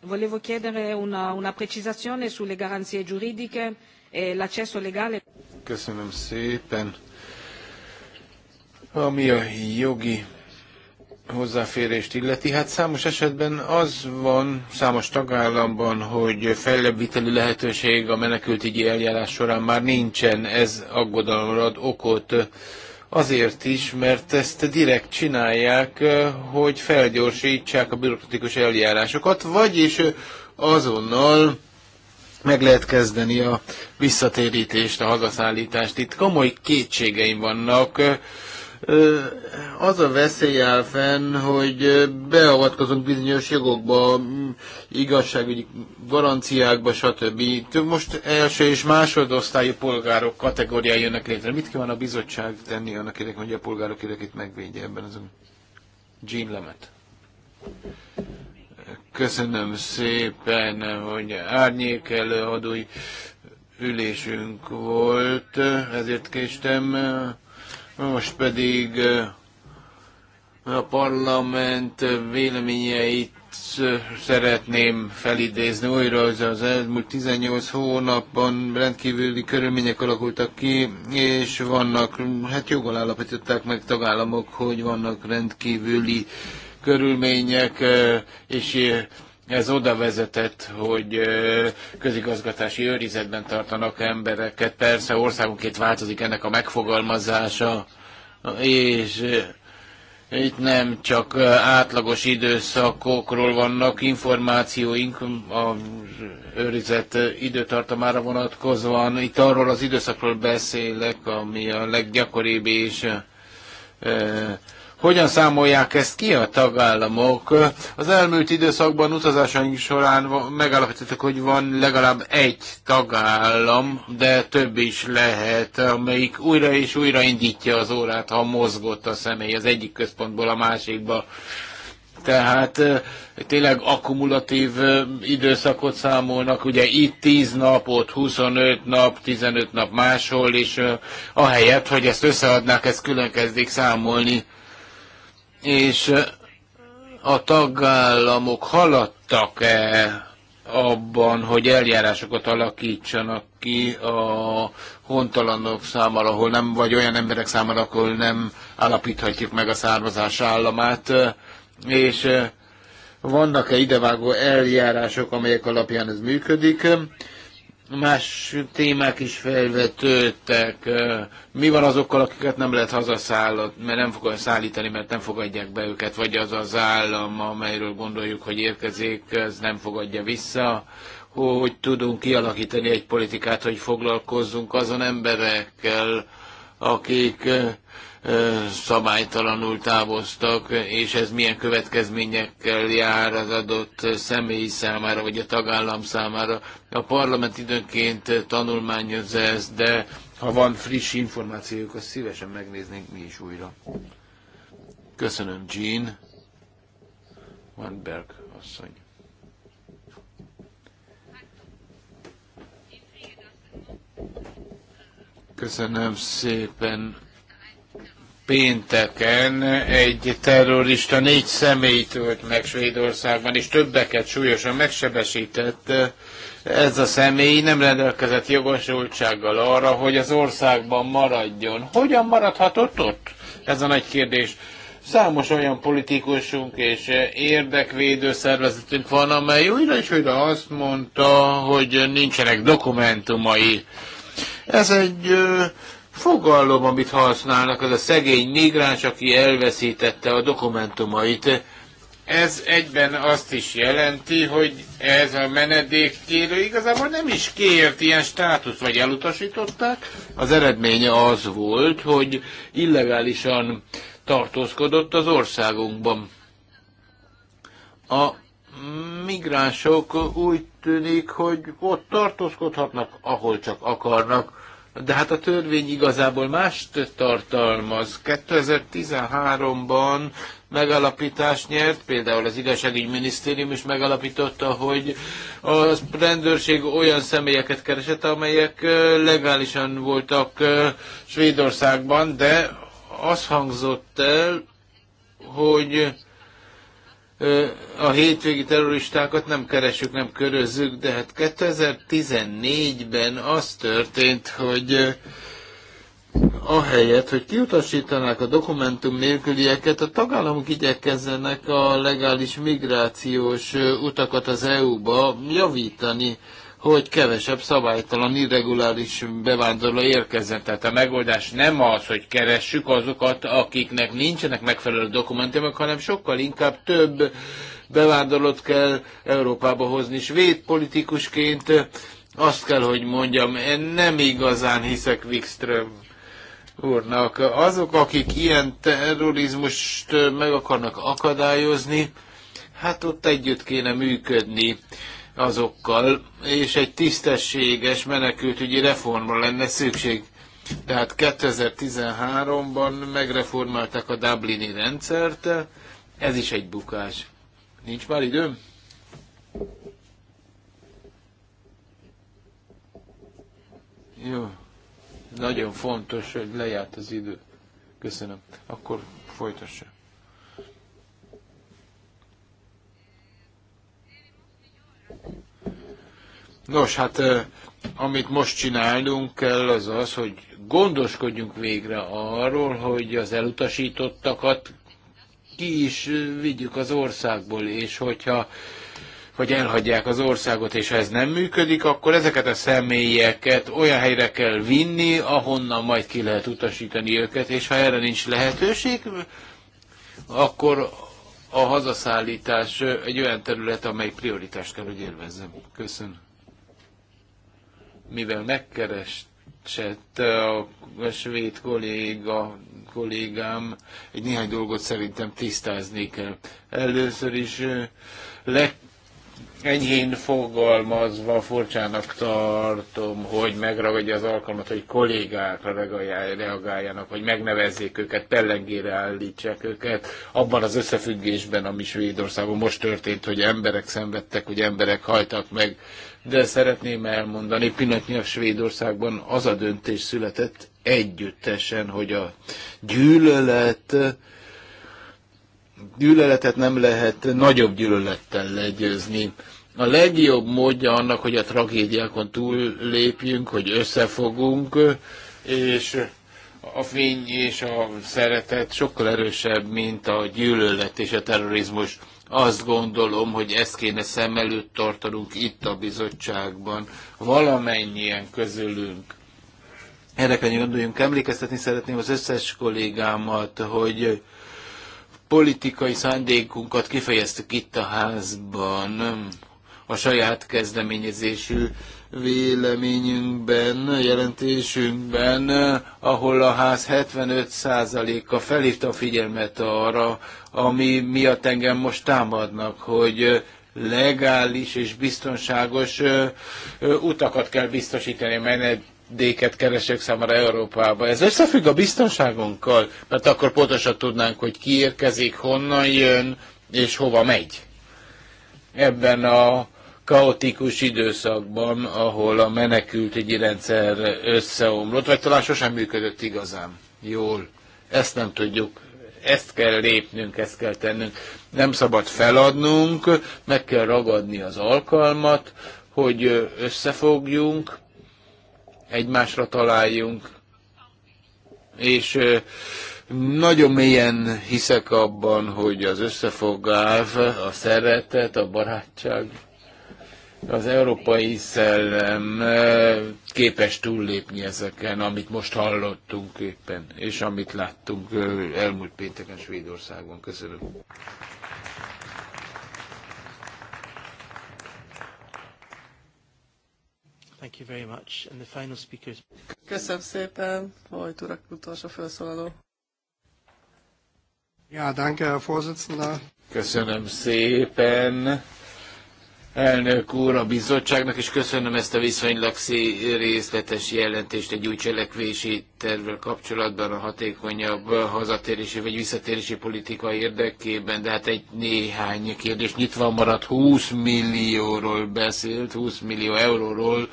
volevo chiedere una, una precisazione sulle garanzie giuridiche e l'accesso legale. Köszönöm szépen ami a jogi hozzáférést illeti, hát számos esetben az van számos tagállamban, hogy fejlebbviteli lehetőség a menekültügyi eljárás során már nincsen, ez aggodalomra ad okot. Azért is, mert ezt direkt csinálják, hogy felgyorsítsák a bürokratikus eljárásokat, vagyis azonnal meg lehet kezdeni a visszatérítést, a hazaszállítást. Itt komoly kétségeim vannak az a veszély áll fenn, hogy beavatkozunk bizonyos jogokba, igazságügyi garanciákba, stb. Most első és másodosztályú polgárok kategóriái jönnek létre. Mit kíván a bizottság tenni annak érdekében, hogy a polgárok érdekét megvédje ebben azon? Jean Lemet. Köszönöm szépen, hogy árnyék előadói ülésünk volt, ezért késtem most pedig a parlament véleményeit szeretném felidézni újra, az, az elmúlt 18 hónapban rendkívüli körülmények alakultak ki, és vannak, hát joggal állapították meg tagállamok, hogy vannak rendkívüli körülmények, és ez oda vezetett, hogy közigazgatási őrizetben tartanak embereket. Persze országonként változik ennek a megfogalmazása, és itt nem csak átlagos időszakokról vannak információink a őrizet időtartamára vonatkozóan. Itt arról az időszakról beszélek, ami a leggyakoribb és hogyan számolják ezt ki a tagállamok? Az elmúlt időszakban utazásaink során megállapítottak, hogy van legalább egy tagállam, de több is lehet, amelyik újra és újra indítja az órát, ha mozgott a személy az egyik központból a másikba. Tehát tényleg akkumulatív időszakot számolnak, ugye itt 10 napot, 25 nap, 15 nap máshol, és ahelyett, hogy ezt összeadnák, ezt külön kezdik számolni és eh, a tagállamok haladtak-e abban, hogy eljárásokat alakítsanak ki a hontalanok számára, ahol nem, vagy olyan emberek számára, ahol nem állapíthatjuk meg a származás államát, eh, és eh, vannak-e idevágó eljárások, amelyek alapján ez működik, Más témák is felvetődtek. Mi van azokkal, akiket nem lehet hazaszállat, mert nem fogja szállítani, mert nem fogadják be őket, vagy az az állam, amelyről gondoljuk, hogy érkezik, ez nem fogadja vissza hogy tudunk kialakítani egy politikát, hogy foglalkozzunk azon emberekkel, akik szabálytalanul távoztak, és ez milyen következményekkel jár az adott személy számára, vagy a tagállam számára. A parlament időnként tanulmányozza ezt, de ha van friss információjuk, azt szívesen megnéznénk mi is újra. Köszönöm, Jean. Van Berg asszony. Köszönöm szépen pénteken egy terrorista négy személyt ölt meg Svédországban, és többeket súlyosan megsebesített. Ez a személy nem rendelkezett jogosultsággal arra, hogy az országban maradjon. Hogyan maradhatott ott? Ez a nagy kérdés. Számos olyan politikusunk és érdekvédő szervezetünk van, amely újra és újra azt mondta, hogy nincsenek dokumentumai. Ez egy fogalom, amit használnak, az a szegény migráns, aki elveszítette a dokumentumait. Ez egyben azt is jelenti, hogy ez a menedékkérő igazából nem is kért ilyen státusz, vagy elutasították. Az eredménye az volt, hogy illegálisan tartózkodott az országunkban. A migránsok úgy tűnik, hogy ott tartózkodhatnak, ahol csak akarnak de hát a törvény igazából mást tartalmaz. 2013-ban megalapítást nyert, például az minisztérium is megalapította, hogy a rendőrség olyan személyeket keresett, amelyek legálisan voltak Svédországban, de az hangzott el, hogy a hétvégi terroristákat nem keresünk, nem körözzük, de hát 2014-ben az történt, hogy ahelyett, hogy kiutasítanák a dokumentum nélkülieket, a tagállamok igyekezzenek a legális migrációs utakat az EU-ba javítani hogy kevesebb szabálytalan, irreguláris bevándorló érkezzen. Tehát a megoldás nem az, hogy keressük azokat, akiknek nincsenek megfelelő dokumentumok, hanem sokkal inkább több bevándorlót kell Európába hozni. és védpolitikusként azt kell, hogy mondjam, én nem igazán hiszek Wikström úrnak. Azok, akik ilyen terrorizmust meg akarnak akadályozni, hát ott együtt kéne működni azokkal, és egy tisztességes menekültügyi reformra lenne szükség. Tehát 2013-ban megreformálták a Dublini rendszert, ez is egy bukás. Nincs már időm? Jó. Nagyon fontos, hogy lejárt az idő. Köszönöm. Akkor folytassa. Nos, hát amit most csinálnunk kell, az az, hogy gondoskodjunk végre arról, hogy az elutasítottakat ki is vigyük az országból, és hogyha hogy elhagyják az országot, és ha ez nem működik, akkor ezeket a személyeket olyan helyre kell vinni, ahonnan majd ki lehet utasítani őket, és ha erre nincs lehetőség, akkor a hazaszállítás egy olyan terület, amely prioritást kell, hogy élvezzem. Köszönöm mivel megkeresett a svéd kolléga, kollégám, egy néhány dolgot szerintem tisztázni kell. Először is le enyhén fogalmazva furcsának tartom, hogy megragadja az alkalmat, hogy kollégákra reagáljanak, hogy megnevezzék őket, pellengére állítsák őket. Abban az összefüggésben, ami Svédországban most történt, hogy emberek szenvedtek, hogy emberek hajtak meg. De szeretném elmondani, a Svédországban az a döntés született együttesen, hogy a gyűlölet gyűlöletet nem lehet nagyobb gyűlölettel legyőzni. A legjobb módja annak, hogy a tragédiákon túl lépjünk, hogy összefogunk, és a fény és a szeretet sokkal erősebb, mint a gyűlölet és a terrorizmus. Azt gondolom, hogy ezt kéne szem előtt tartanunk itt a bizottságban, valamennyien közülünk. Erre kell gondoljunk. Emlékeztetni szeretném az összes kollégámat, hogy politikai szándékunkat kifejeztük itt a házban, a saját kezdeményezésű véleményünkben, jelentésünkben, ahol a ház 75%-a felhívta a figyelmet arra, ami miatt engem most támadnak, hogy legális és biztonságos utakat kell biztosítani a menet menedéket keresek számára Európába. Ez összefügg a biztonságunkkal, mert akkor pontosan tudnánk, hogy ki érkezik, honnan jön és hova megy. Ebben a kaotikus időszakban, ahol a menekültügyi rendszer összeomlott, vagy talán sosem működött igazán jól. Ezt nem tudjuk. Ezt kell lépnünk, ezt kell tennünk. Nem szabad feladnunk, meg kell ragadni az alkalmat, hogy összefogjunk, egymásra találjunk, és nagyon mélyen hiszek abban, hogy az összefogás, a szeretet, a barátság, az európai szellem képes túllépni ezeken, amit most hallottunk éppen, és amit láttunk elmúlt pénteken Svédországban. Köszönöm. Thank you very much. And the final speaker... Köszönöm szépen, hogy urak utolsó felszólaló. Ja, danke, Herr Vorsitzender. Köszönöm szépen. Elnök úr, a bizottságnak is köszönöm ezt a viszonylag részletes jelentést egy új cselekvési tervvel kapcsolatban a hatékonyabb hazatérési vagy visszatérési politika érdekében, de hát egy néhány kérdés nyitva maradt. 20 millióról beszélt, 20 millió euróról,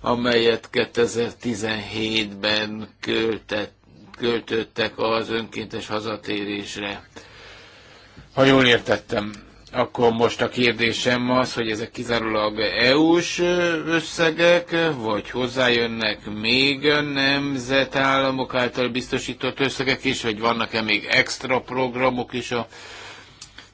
amelyet 2017-ben költett, költöttek az önkéntes hazatérésre. Ha jól értettem akkor most a kérdésem az, hogy ezek kizárólag EU-s összegek, vagy hozzájönnek még nemzetállamok által biztosított összegek is, vagy vannak-e még extra programok is a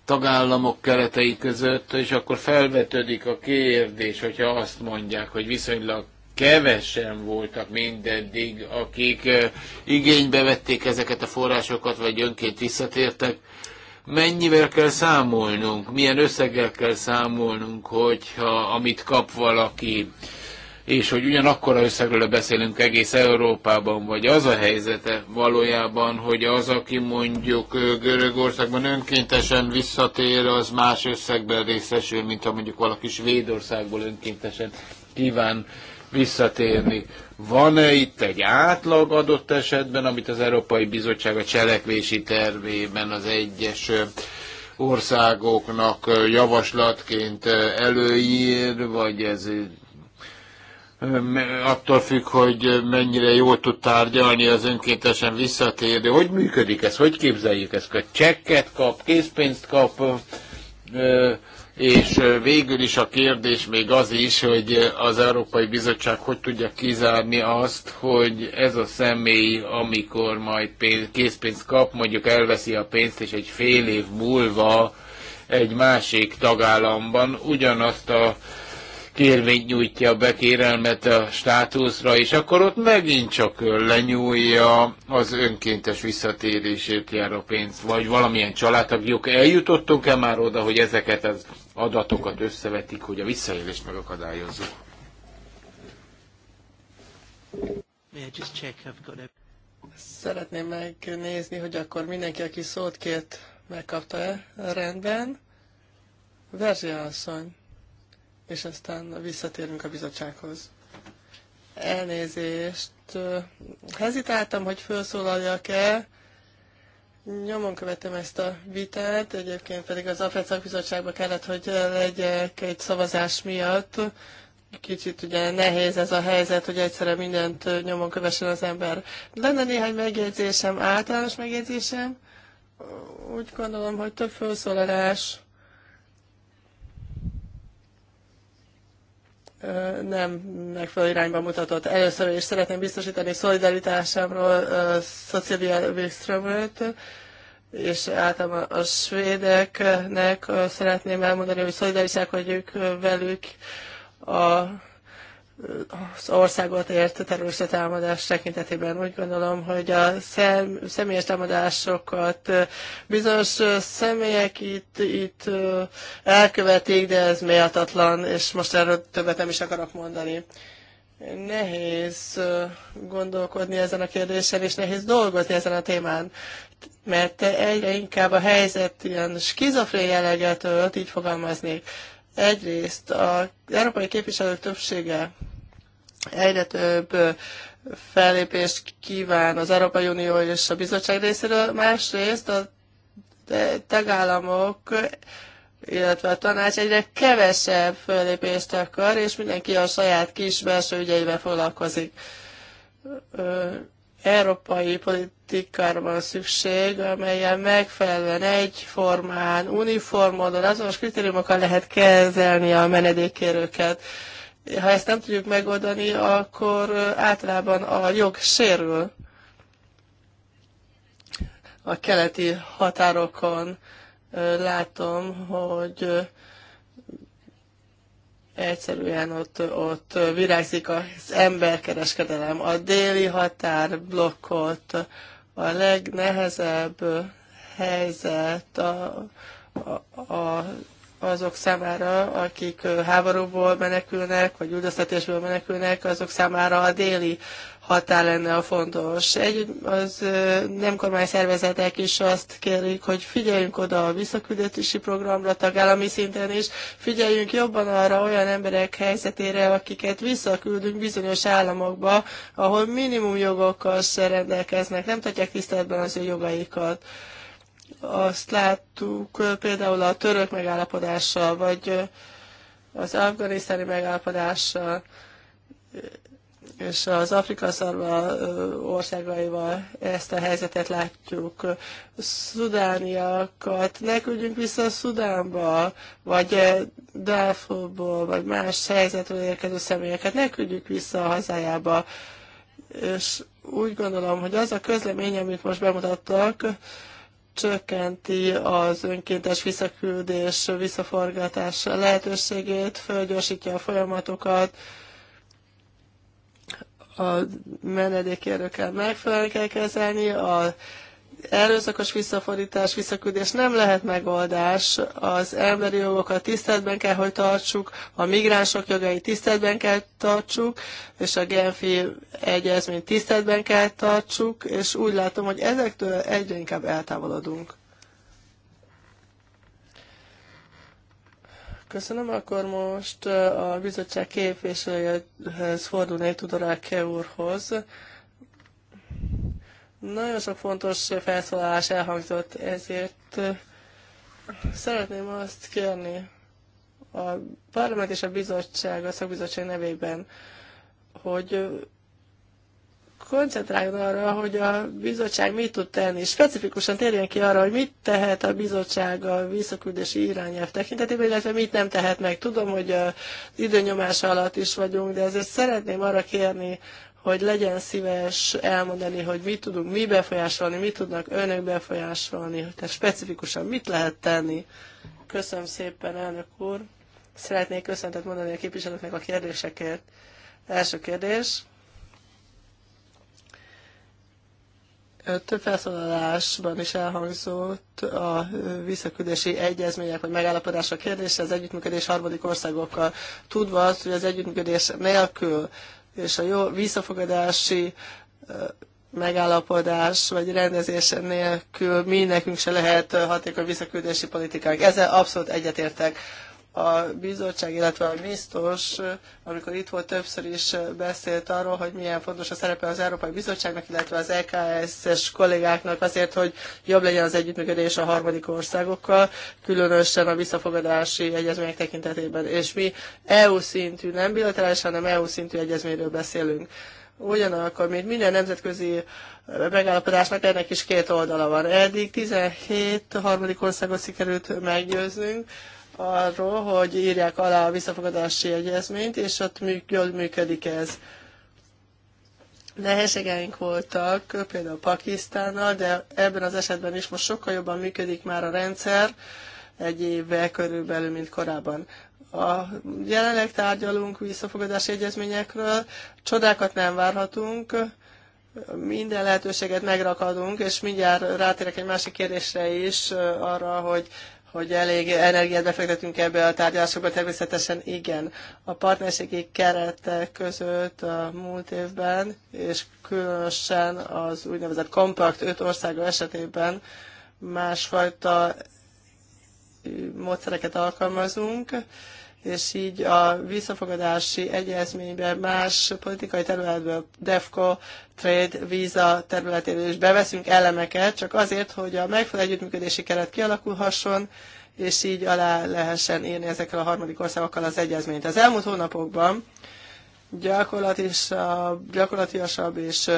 tagállamok keretei között, és akkor felvetődik a kérdés, hogyha azt mondják, hogy viszonylag kevesen voltak mindeddig, akik igénybe vették ezeket a forrásokat, vagy önként visszatértek, mennyivel kell számolnunk, milyen összeggel kell számolnunk, hogyha amit kap valaki, és hogy ugyanakkora összegről beszélünk egész Európában, vagy az a helyzete valójában, hogy az, aki mondjuk Görögországban önkéntesen visszatér, az más összegben részesül, mint ha mondjuk valaki Svédországból önkéntesen kíván visszatérni. Van-e itt egy átlag adott esetben, amit az Európai Bizottság a cselekvési tervében az egyes országoknak javaslatként előír, vagy ez attól függ, hogy mennyire jól tud tárgyalni az önkéntesen visszatérő. Hogy működik ez? Hogy képzeljük ezt? Hogy csekket kap, készpénzt kap, és végül is a kérdés még az is, hogy az Európai Bizottság hogy tudja kizárni azt, hogy ez a személy, amikor majd pénz, készpénzt kap, mondjuk elveszi a pénzt, és egy fél év múlva egy másik tagállamban ugyanazt a kérvényt nyújtja be, kérelmet a státuszra, és akkor ott megint csak lenyúlja az önkéntes visszatérését járó pénzt, vagy valamilyen családtagjuk. Eljutottunk-e már oda, hogy ezeket az adatokat összevetik, hogy a visszaélést megakadályozzuk? Szeretném megnézni, hogy akkor mindenki, aki szót kért, megkapta-e rendben. Verzi asszony és aztán visszatérünk a bizottsághoz. Elnézést. Hezitáltam, hogy felszólaljak-e. Nyomon követem ezt a vitát, egyébként pedig az AFED bizottságban kellett, hogy legyek egy szavazás miatt. Kicsit ugye nehéz ez a helyzet, hogy egyszerre mindent nyomon kövessen az ember. Lenne néhány megjegyzésem, általános megjegyzésem. Úgy gondolom, hogy több felszólalás nem megfelelő irányba mutatott. Először is szeretném biztosítani szolidaritásámról Cecilia Wikströmöt, és általában a svédeknek szeretném elmondani, hogy szolidarisák vagyunk velük a az országot ért terrorista támadás tekintetében. Úgy gondolom, hogy a szem, személyes támadásokat bizonyos személyek itt, itt elkövetik, de ez méltatlan, és most erről többet nem is akarok mondani. Nehéz gondolkodni ezen a kérdésen, és nehéz dolgozni ezen a témán, mert egyre inkább a helyzet ilyen skizofrén jelleget ölt, így fogalmaznék Egyrészt az európai képviselők többsége egyre több fellépést kíván az Európai Unió és a bizottság részéről, másrészt a tagállamok illetve a tanács egyre kevesebb fellépést akar, és mindenki a saját kis belső ügyeivel foglalkozik európai politikára van szükség, amelyen megfelelően egyformán, uniform módon, azonos kritériumokkal lehet kezelni a menedékkérőket. Ha ezt nem tudjuk megoldani, akkor általában a jog sérül a keleti határokon. Látom, hogy egyszerűen ott, ott virágzik az emberkereskedelem. A déli határ blokkot a legnehezebb helyzet a, a, a, azok számára, akik háborúból menekülnek, vagy üldöztetésből menekülnek, azok számára a déli határ lenne a fontos. Egy, az nem kormány szervezetek is azt kérik, hogy figyeljünk oda a visszaküldetési programra tagállami szinten is, figyeljünk jobban arra olyan emberek helyzetére, akiket visszaküldünk bizonyos államokba, ahol minimum jogokkal se rendelkeznek, nem tartják tiszteletben az ő jogaikat. Azt láttuk például a török megállapodással, vagy az afganisztáni megállapodással, és az Afrika szarva országaival ezt a helyzetet látjuk. Szudániakat ne küldjünk vissza Szudánba, vagy Darfurból, vagy más helyzetről érkező személyeket ne küldjük vissza a hazájába. És úgy gondolom, hogy az a közlemény, amit most bemutattak, csökkenti az önkéntes visszaküldés, visszaforgatás lehetőségét, fölgyorsítja a folyamatokat, a menedékérőkkel megfelelően kell kezelni, a erőszakos visszafordítás, visszaküldés nem lehet megoldás. Az emberi jogokat tiszteletben kell, hogy tartsuk, a migránsok jogait tiszteletben kell tartsuk, és a Genfi egyezményt tiszteletben kell tartsuk, és úgy látom, hogy ezektől egyre inkább eltávolodunk. Köszönöm, akkor most a bizottság képviselőjehez fordulnék Tudoráke úrhoz. Nagyon sok fontos felszólalás elhangzott, ezért szeretném azt kérni a parlament és a bizottság, a szakbizottság nevében, hogy koncentráljon arra, hogy a bizottság mit tud tenni, és specifikusan térjen ki arra, hogy mit tehet a bizottság a visszaküldési irányelv tekintetében, illetve mit nem tehet meg. Tudom, hogy az időnyomás alatt is vagyunk, de ezért szeretném arra kérni, hogy legyen szíves elmondani, hogy mit tudunk mi befolyásolni, mit tudnak önök befolyásolni, tehát specifikusan mit lehet tenni. Köszönöm szépen, elnök úr. Szeretnék köszöntet mondani a képviselőknek a kérdésekért. Első kérdés Több felszólalásban is elhangzott a visszaküldési egyezmények vagy megállapodások kérdése, az együttműködés harmadik országokkal. Tudva azt, hogy az együttműködés nélkül és a jó visszafogadási megállapodás vagy rendezés nélkül mi nekünk se lehet hatékony visszaküldési politikánk. Ezzel abszolút egyetértek a bizottság, illetve a biztos, amikor itt volt, többször is beszélt arról, hogy milyen fontos a szerepe az Európai Bizottságnak, illetve az EKS-es kollégáknak azért, hogy jobb legyen az együttműködés a harmadik országokkal, különösen a visszafogadási egyezmények tekintetében. És mi EU szintű, nem bilaterális, hanem EU szintű egyezményről beszélünk. Ugyanakkor, mint minden nemzetközi megállapodásnak, ennek is két oldala van. Eddig 17 harmadik országot sikerült meggyőznünk, arról, hogy írják alá a visszafogadási egyezményt, és ott jól működik ez. Nehézségeink voltak, például Pakisztánnal, de ebben az esetben is most sokkal jobban működik már a rendszer, egy évvel körülbelül, mint korábban. A jelenleg tárgyalunk visszafogadási egyezményekről, csodákat nem várhatunk, minden lehetőséget megrakadunk, és mindjárt rátérek egy másik kérdésre is arra, hogy hogy elég energiát befektetünk ebbe a tárgyalásokba, természetesen igen. A partnerségi keretek között a múlt évben, és különösen az úgynevezett kompakt öt országa esetében másfajta módszereket alkalmazunk, és így a visszafogadási egyezményben más politikai területből, DEFCO, Trade, Visa területéről is beveszünk elemeket, csak azért, hogy a megfelelő együttműködési keret kialakulhasson, és így alá lehessen írni ezekkel a harmadik országokkal az egyezményt. Az elmúlt hónapokban gyakorlatilag gyakorlatilasabb és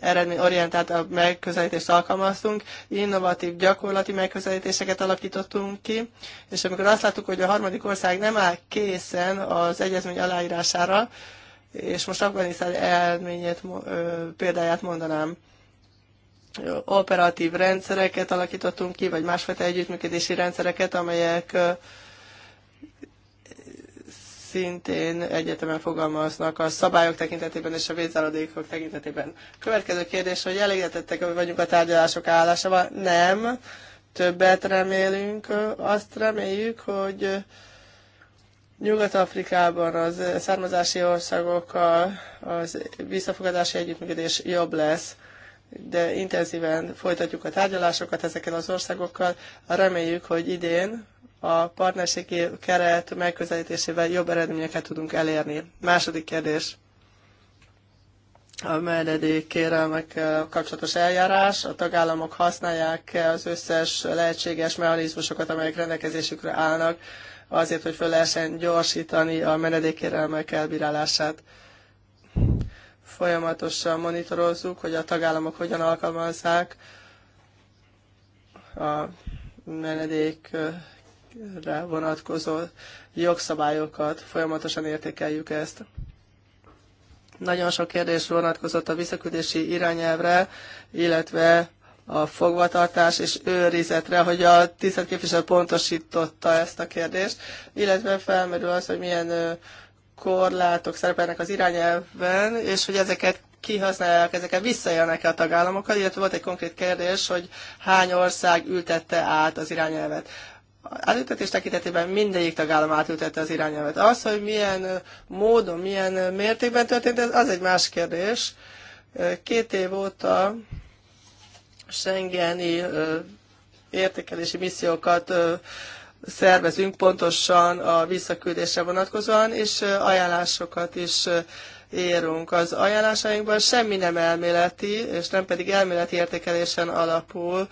eredményorientáltabb megközelítést alkalmaztunk, innovatív gyakorlati megközelítéseket alakítottunk ki, és amikor azt láttuk, hogy a harmadik ország nem áll készen az egyezmény aláírására, és most Afganisztán elményét, példáját mondanám, operatív rendszereket alakítottunk ki, vagy másfajta együttműködési rendszereket, amelyek szintén egyetemen fogalmaznak a szabályok tekintetében és a védzáradékok tekintetében. Következő kérdés, hogy elégedettek vagyunk a tárgyalások állásával? Nem. Többet remélünk. Azt reméljük, hogy Nyugat-Afrikában az származási országokkal az visszafogadási együttműködés jobb lesz, de intenzíven folytatjuk a tárgyalásokat ezekkel az országokkal. Reméljük, hogy idén a partnerségi keret megközelítésével jobb eredményeket tudunk elérni. Második kérdés. A menedék kérelmek eh, kapcsolatos eljárás. A tagállamok használják -e az összes lehetséges mechanizmusokat, amelyek rendelkezésükre állnak, azért, hogy föl lehessen gyorsítani a menedékkérelmek elbírálását. Folyamatosan monitorozzuk, hogy a tagállamok hogyan alkalmazzák a menedék eh, rá vonatkozó jogszabályokat, folyamatosan értékeljük ezt. Nagyon sok kérdés vonatkozott a visszaküldési irányelvre, illetve a fogvatartás és őrizetre, hogy a tisztelt képviselő pontosította ezt a kérdést, illetve felmerül az, hogy milyen korlátok szerepelnek az irányelven, és hogy ezeket kihasználják, ezeket visszajönnek e a tagállamokkal, illetve volt egy konkrét kérdés, hogy hány ország ültette át az irányelvet átültetés tekintetében mindegyik tagállam átültette az irányelvet. Az, hogy milyen módon, milyen mértékben történt, az egy más kérdés. Két év óta Schengeni értékelési missziókat szervezünk pontosan a visszaküldésre vonatkozóan, és ajánlásokat is érünk. Az ajánlásainkban semmi nem elméleti, és nem pedig elméleti értékelésen alapul,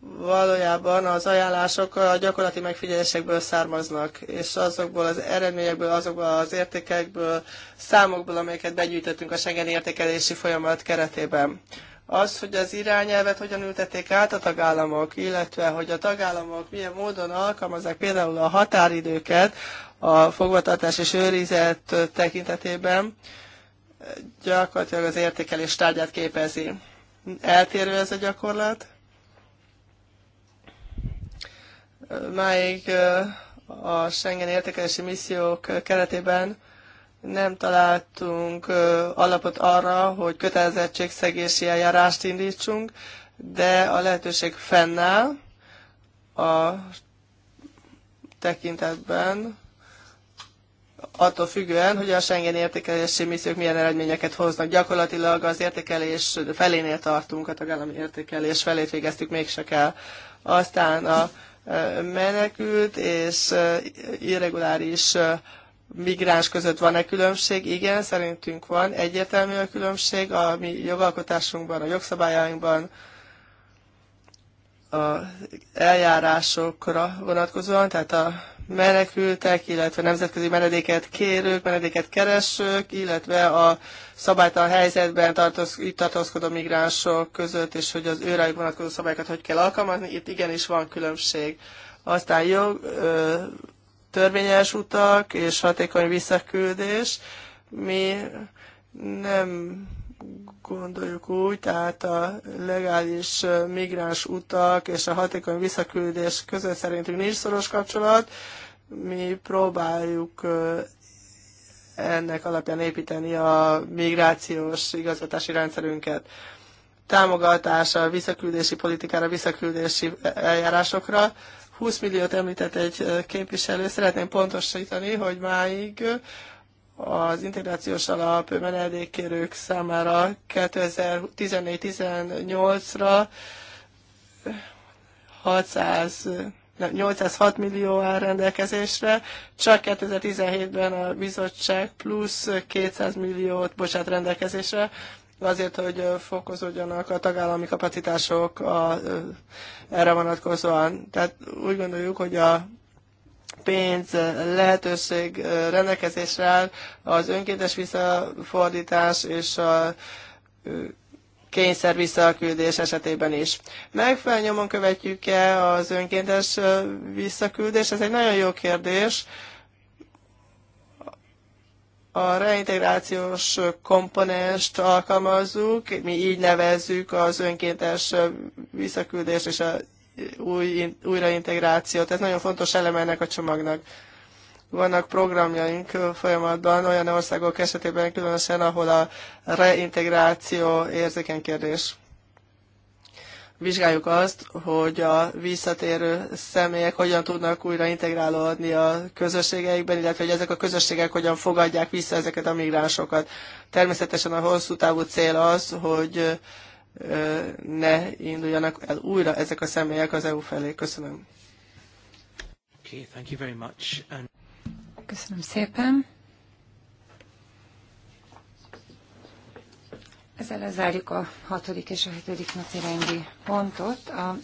valójában az ajánlások a gyakorlati megfigyelésekből származnak, és azokból az eredményekből, azokból az értékekből, számokból, amelyeket begyűjtöttünk a Schengen értékelési folyamat keretében. Az, hogy az irányelvet hogyan ültették át a tagállamok, illetve hogy a tagállamok milyen módon alkalmazzák például a határidőket a fogvatartás és őrizet tekintetében, gyakorlatilag az értékelés tárgyát képezi. Eltérő ez a gyakorlat? máig a Schengen értékelési missziók keretében nem találtunk alapot arra, hogy kötelezettségszegési eljárást indítsunk, de a lehetőség fennáll a tekintetben, attól függően, hogy a Schengen értékelési missziók milyen eredményeket hoznak. Gyakorlatilag az értékelés felénél tartunk, a tagállami értékelés felét végeztük mégse kell. Aztán a menekült és irreguláris migráns között van-e különbség? Igen, szerintünk van. Egyértelmű a különbség a mi jogalkotásunkban, a jogszabályainkban, a eljárásokra vonatkozóan, tehát a menekültek, illetve nemzetközi menedéket kérők, menedéket keresők, illetve a szabálytalan helyzetben tartoz, itt tartózkodó migránsok között, és hogy az őrájuk vonatkozó szabályokat hogy kell alkalmazni, itt igenis van különbség. Aztán jog, ö, törvényes utak és hatékony visszaküldés. Mi nem gondoljuk úgy, tehát a legális migráns utak és a hatékony visszaküldés között szerintünk nincs szoros kapcsolat. Mi próbáljuk ennek alapján építeni a migrációs igazgatási rendszerünket. Támogatása a visszaküldési politikára, visszaküldési eljárásokra. 20 milliót említett egy képviselő. Szeretném pontosítani, hogy máig az integrációs alap menedékkérők számára 2014-18-ra 806 millió áll rendelkezésre, csak 2017-ben a bizottság plusz 200 milliót bocsát rendelkezésre, azért, hogy fokozódjanak a tagállami kapacitások a, erre vonatkozóan. Tehát úgy gondoljuk, hogy a pénz eh, lehetőség eh, rendelkezésre áll az önkéntes visszafordítás és a eh, kényszer visszaküldés esetében is. Megfelelő nyomon követjük-e az önkéntes visszaküldés? Ez egy nagyon jó kérdés. A reintegrációs komponenst alkalmazzuk, mi így nevezzük az önkéntes visszaküldést és a új, újraintegráció, tehát nagyon fontos eleme ennek a csomagnak. Vannak programjaink folyamatban olyan országok esetében különösen, ahol a reintegráció érzékeny kérdés. Vizsgáljuk azt, hogy a visszatérő személyek hogyan tudnak újra integrálódni a közösségeikben, illetve hogy ezek a közösségek hogyan fogadják vissza ezeket a migránsokat. Természetesen a hosszú távú cél az, hogy ne induljanak el újra ezek a személyek az EU felé. Köszönöm. Okay, thank you very much. And... Köszönöm szépen. Ezzel lezárjuk a hatodik és a hetedik napi rendi pontot. A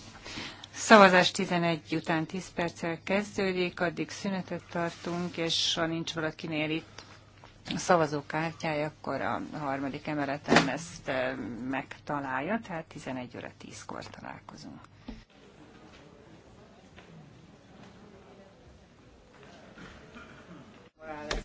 szavazás 11 után 10 perccel kezdődik, addig szünetet tartunk, és ha nincs valakinél itt szavazókártyája, akkor a harmadik emeleten ezt megtalálja, tehát 11 óra 10-kor találkozunk. Morales.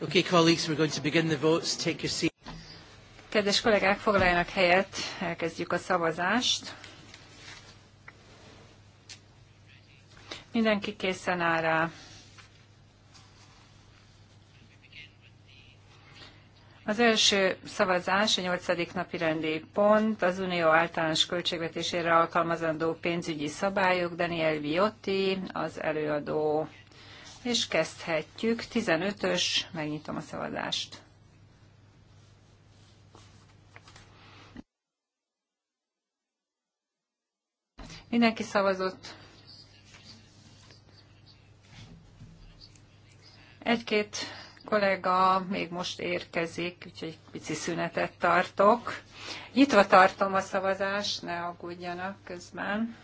Okay, colleagues, we're going to begin the votes. Take your seat. Kedves kollégák, foglaljanak helyet, elkezdjük a szavazást. Mindenki készen áll rá. Az első szavazás, a nyolcadik napi rendi pont, az Unió általános költségvetésére alkalmazandó pénzügyi szabályok, Daniel Viotti, az előadó és kezdhetjük. 15-ös, megnyitom a szavazást. Mindenki szavazott. Egy-két kollega még most érkezik, úgyhogy pici szünetet tartok. Nyitva tartom a szavazást, ne aggódjanak közben.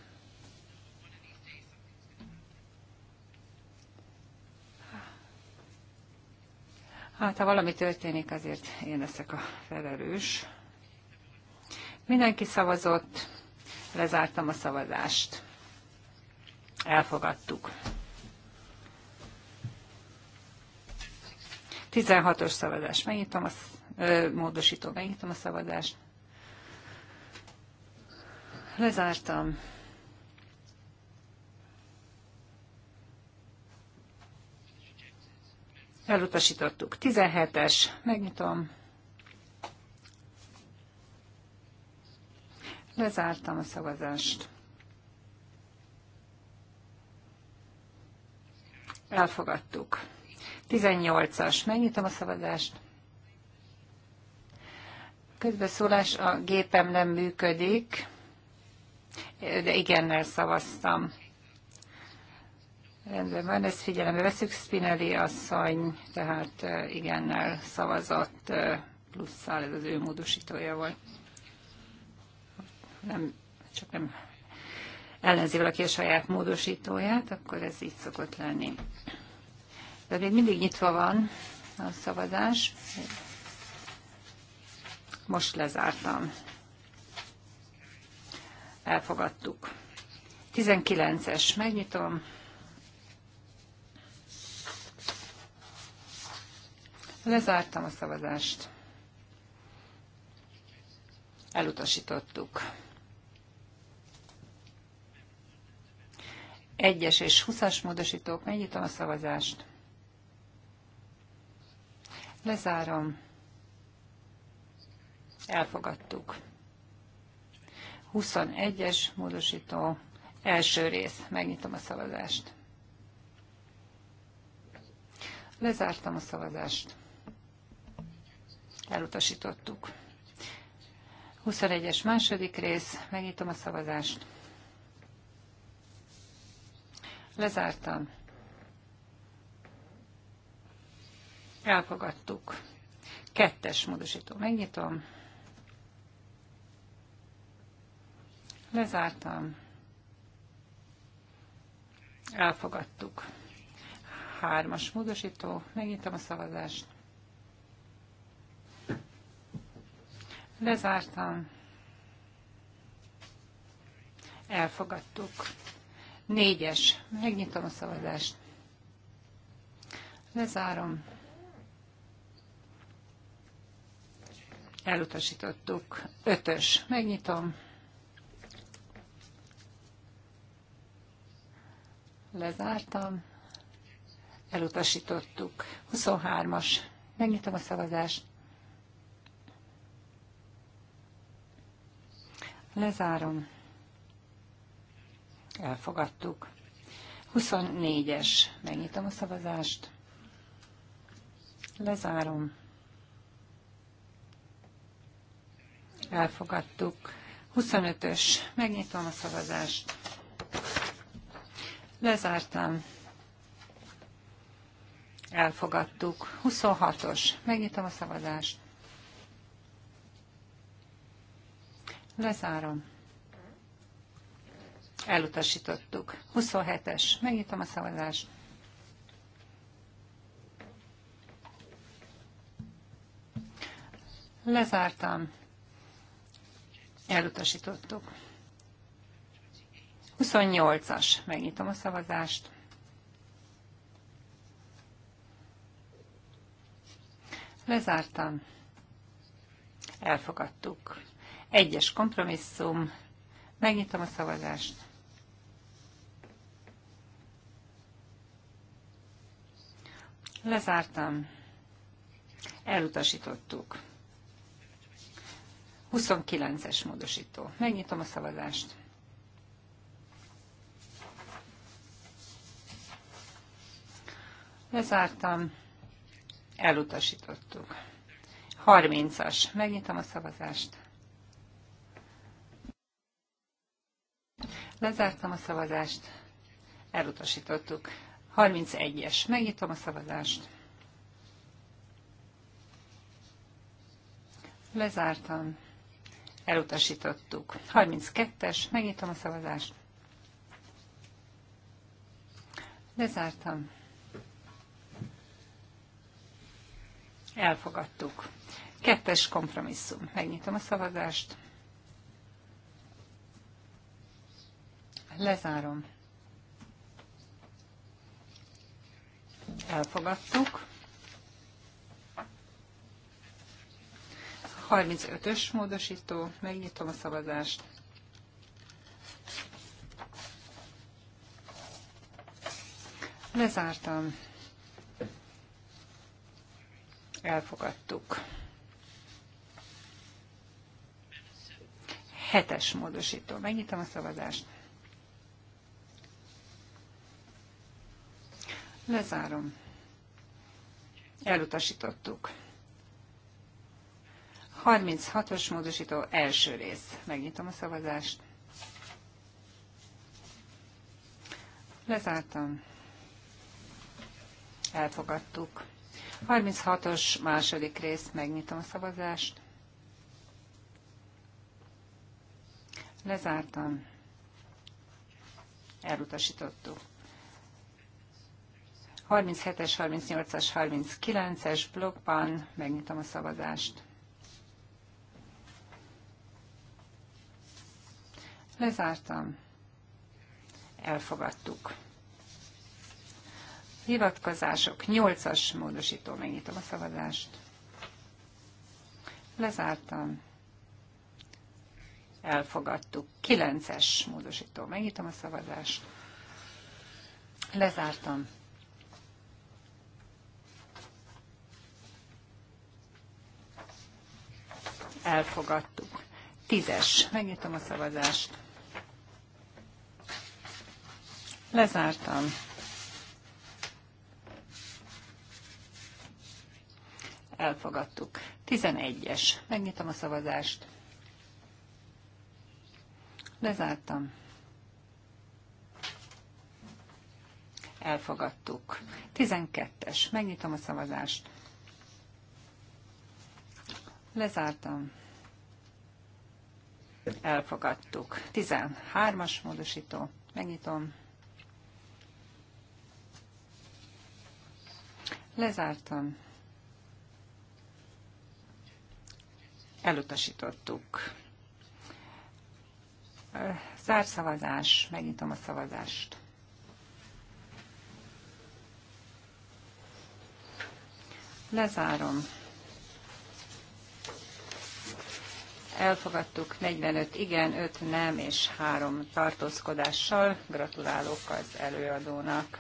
Hát, ha valami történik, azért én leszek a felelős. Mindenki szavazott, lezártam a szavazást. Elfogadtuk. 16-os szavazás. Megnyitom a ö, módosító, megnyitom a szavazást. Lezártam. Elutasítottuk. 17-es. Megnyitom. Lezártam a szavazást. Elfogadtuk. 18-as. Megnyitom a szavazást. Közbeszólás a gépem nem működik, de igennel szavaztam. Rendben van, ezt figyelembe veszük. Spinelli asszony, tehát igennel szavazott plusszal, ez az ő módosítója volt. Nem, csak nem ellenzi valaki a saját módosítóját, akkor ez így szokott lenni. De még mindig nyitva van a szavazás. Most lezártam. Elfogadtuk. 19-es, megnyitom. Lezártam a szavazást. Elutasítottuk. Egyes és 20 módosítók, megnyitom a szavazást. Lezárom. Elfogadtuk. 21-es módosító első rész. Megnyitom a szavazást. Lezártam a szavazást. Elutasítottuk. 21-es második rész, megnyitom a szavazást. Lezártam. Elfogadtuk. Kettes módosító, megnyitom. Lezártam. Elfogadtuk. Hármas módosító, megnyitom a szavazást. Lezártam. Elfogadtuk. Négyes. Megnyitom a szavazást. Lezárom. Elutasítottuk. Ötös. Megnyitom. Lezártam. Elutasítottuk. 23-as. Megnyitom a szavazást. Lezárom. Elfogadtuk. 24-es. Megnyitom a szavazást. Lezárom. Elfogadtuk. 25-ös. Megnyitom a szavazást. Lezártam. Elfogadtuk. 26-os. Megnyitom a szavazást. Lezárom. Elutasítottuk. 27-es. Megnyitom a szavazást. Lezártam. Elutasítottuk. 28-as. Megnyitom a szavazást. Lezártam. Elfogadtuk. Egyes kompromisszum. Megnyitom a szavazást. Lezártam. Elutasítottuk. 29-es módosító. Megnyitom a szavazást. Lezártam. Elutasítottuk. 30-as. Megnyitom a szavazást. Lezártam a szavazást, elutasítottuk. 31-es, megnyitom a szavazást. Lezártam, elutasítottuk. 32-es, megnyitom a szavazást. Lezártam. Elfogadtuk. Kettes kompromisszum. Megnyitom a szavazást. Lezárom. Elfogadtuk. 35-ös módosító, megnyitom a szavazást. Lezártam. Elfogadtuk. 7-es módosító. Megnyitom a szavazást. Lezárom. Elutasítottuk. 36-os módosító első rész. Megnyitom a szavazást. Lezártam. Elfogadtuk. 36-os második rész. Megnyitom a szavazást. Lezártam. Elutasítottuk. 37-es, 38-as, 39-es blokkban megnyitom a szavazást. Lezártam. Elfogadtuk. Hivatkozások. 8-as módosító. Megnyitom a szavazást. Lezártam. Elfogadtuk. 9-es módosító. Megnyitom a szavazást. Lezártam. elfogadtuk. Tízes. Megnyitom a szavazást. Lezártam. Elfogadtuk. Tizenegyes. Megnyitom a szavazást. Lezártam. Elfogadtuk. Tizenkettes. Megnyitom a szavazást. Lezártam. Elfogadtuk. 13-as módosító. Megnyitom. Lezártam. Elutasítottuk. szavazás. Megnyitom a szavazást. Lezárom. elfogadtuk, 45 igen, 5 nem és 3 tartózkodással. Gratulálok az előadónak.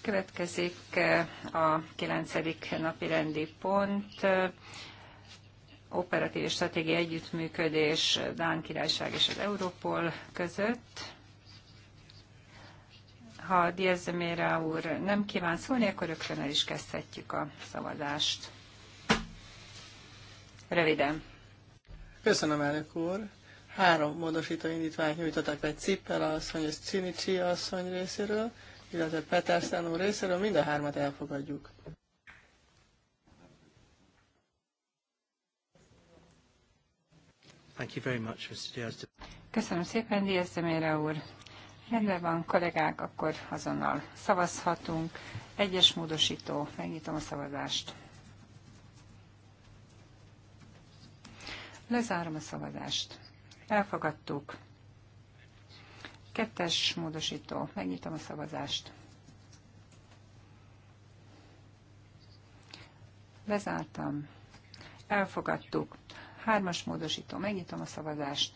Következik eh, a 9. napi rendi pont operatív és stratégiai együttműködés Dán Királyság és az Európol között. Ha Diaz úr nem kíván szólni, akkor rögtön el is kezdhetjük a szavazást. Röviden. Köszönöm, elnök úr. Három módosító indítványt nyújtottak be Cippel asszony és Cinici asszony részéről, illetve Petersen úr részéről, mind a hármat elfogadjuk. Thank you very much, Mr. Köszönöm szépen, Diaz úr. Rendben van, kollégák, akkor azonnal szavazhatunk. Egyes módosító, megnyitom a szavazást. Lezárom a szavazást. Elfogadtuk. Kettes módosító, megnyitom a szavazást. Lezártam. Elfogadtuk. Hármas módosító, megnyitom a szavazást.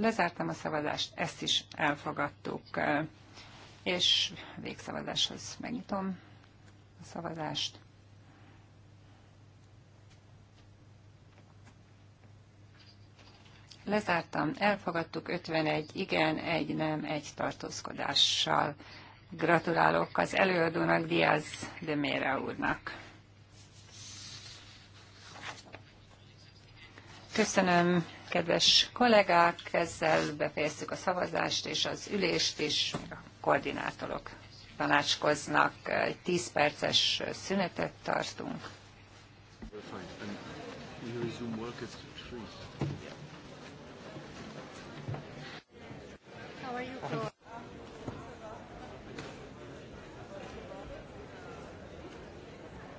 Lezártam a szavazást, ezt is elfogadtuk, és végszavazáshoz megnyitom a szavazást. Lezártam, elfogadtuk 51 igen, egy nem, egy tartózkodással. Gratulálok az előadónak, Diaz de Mére úrnak. Köszönöm Kedves kollégák, ezzel befejeztük a szavazást és az ülést is, a koordinátorok tanácskoznak. Egy 10 perces szünetet tartunk. How are you?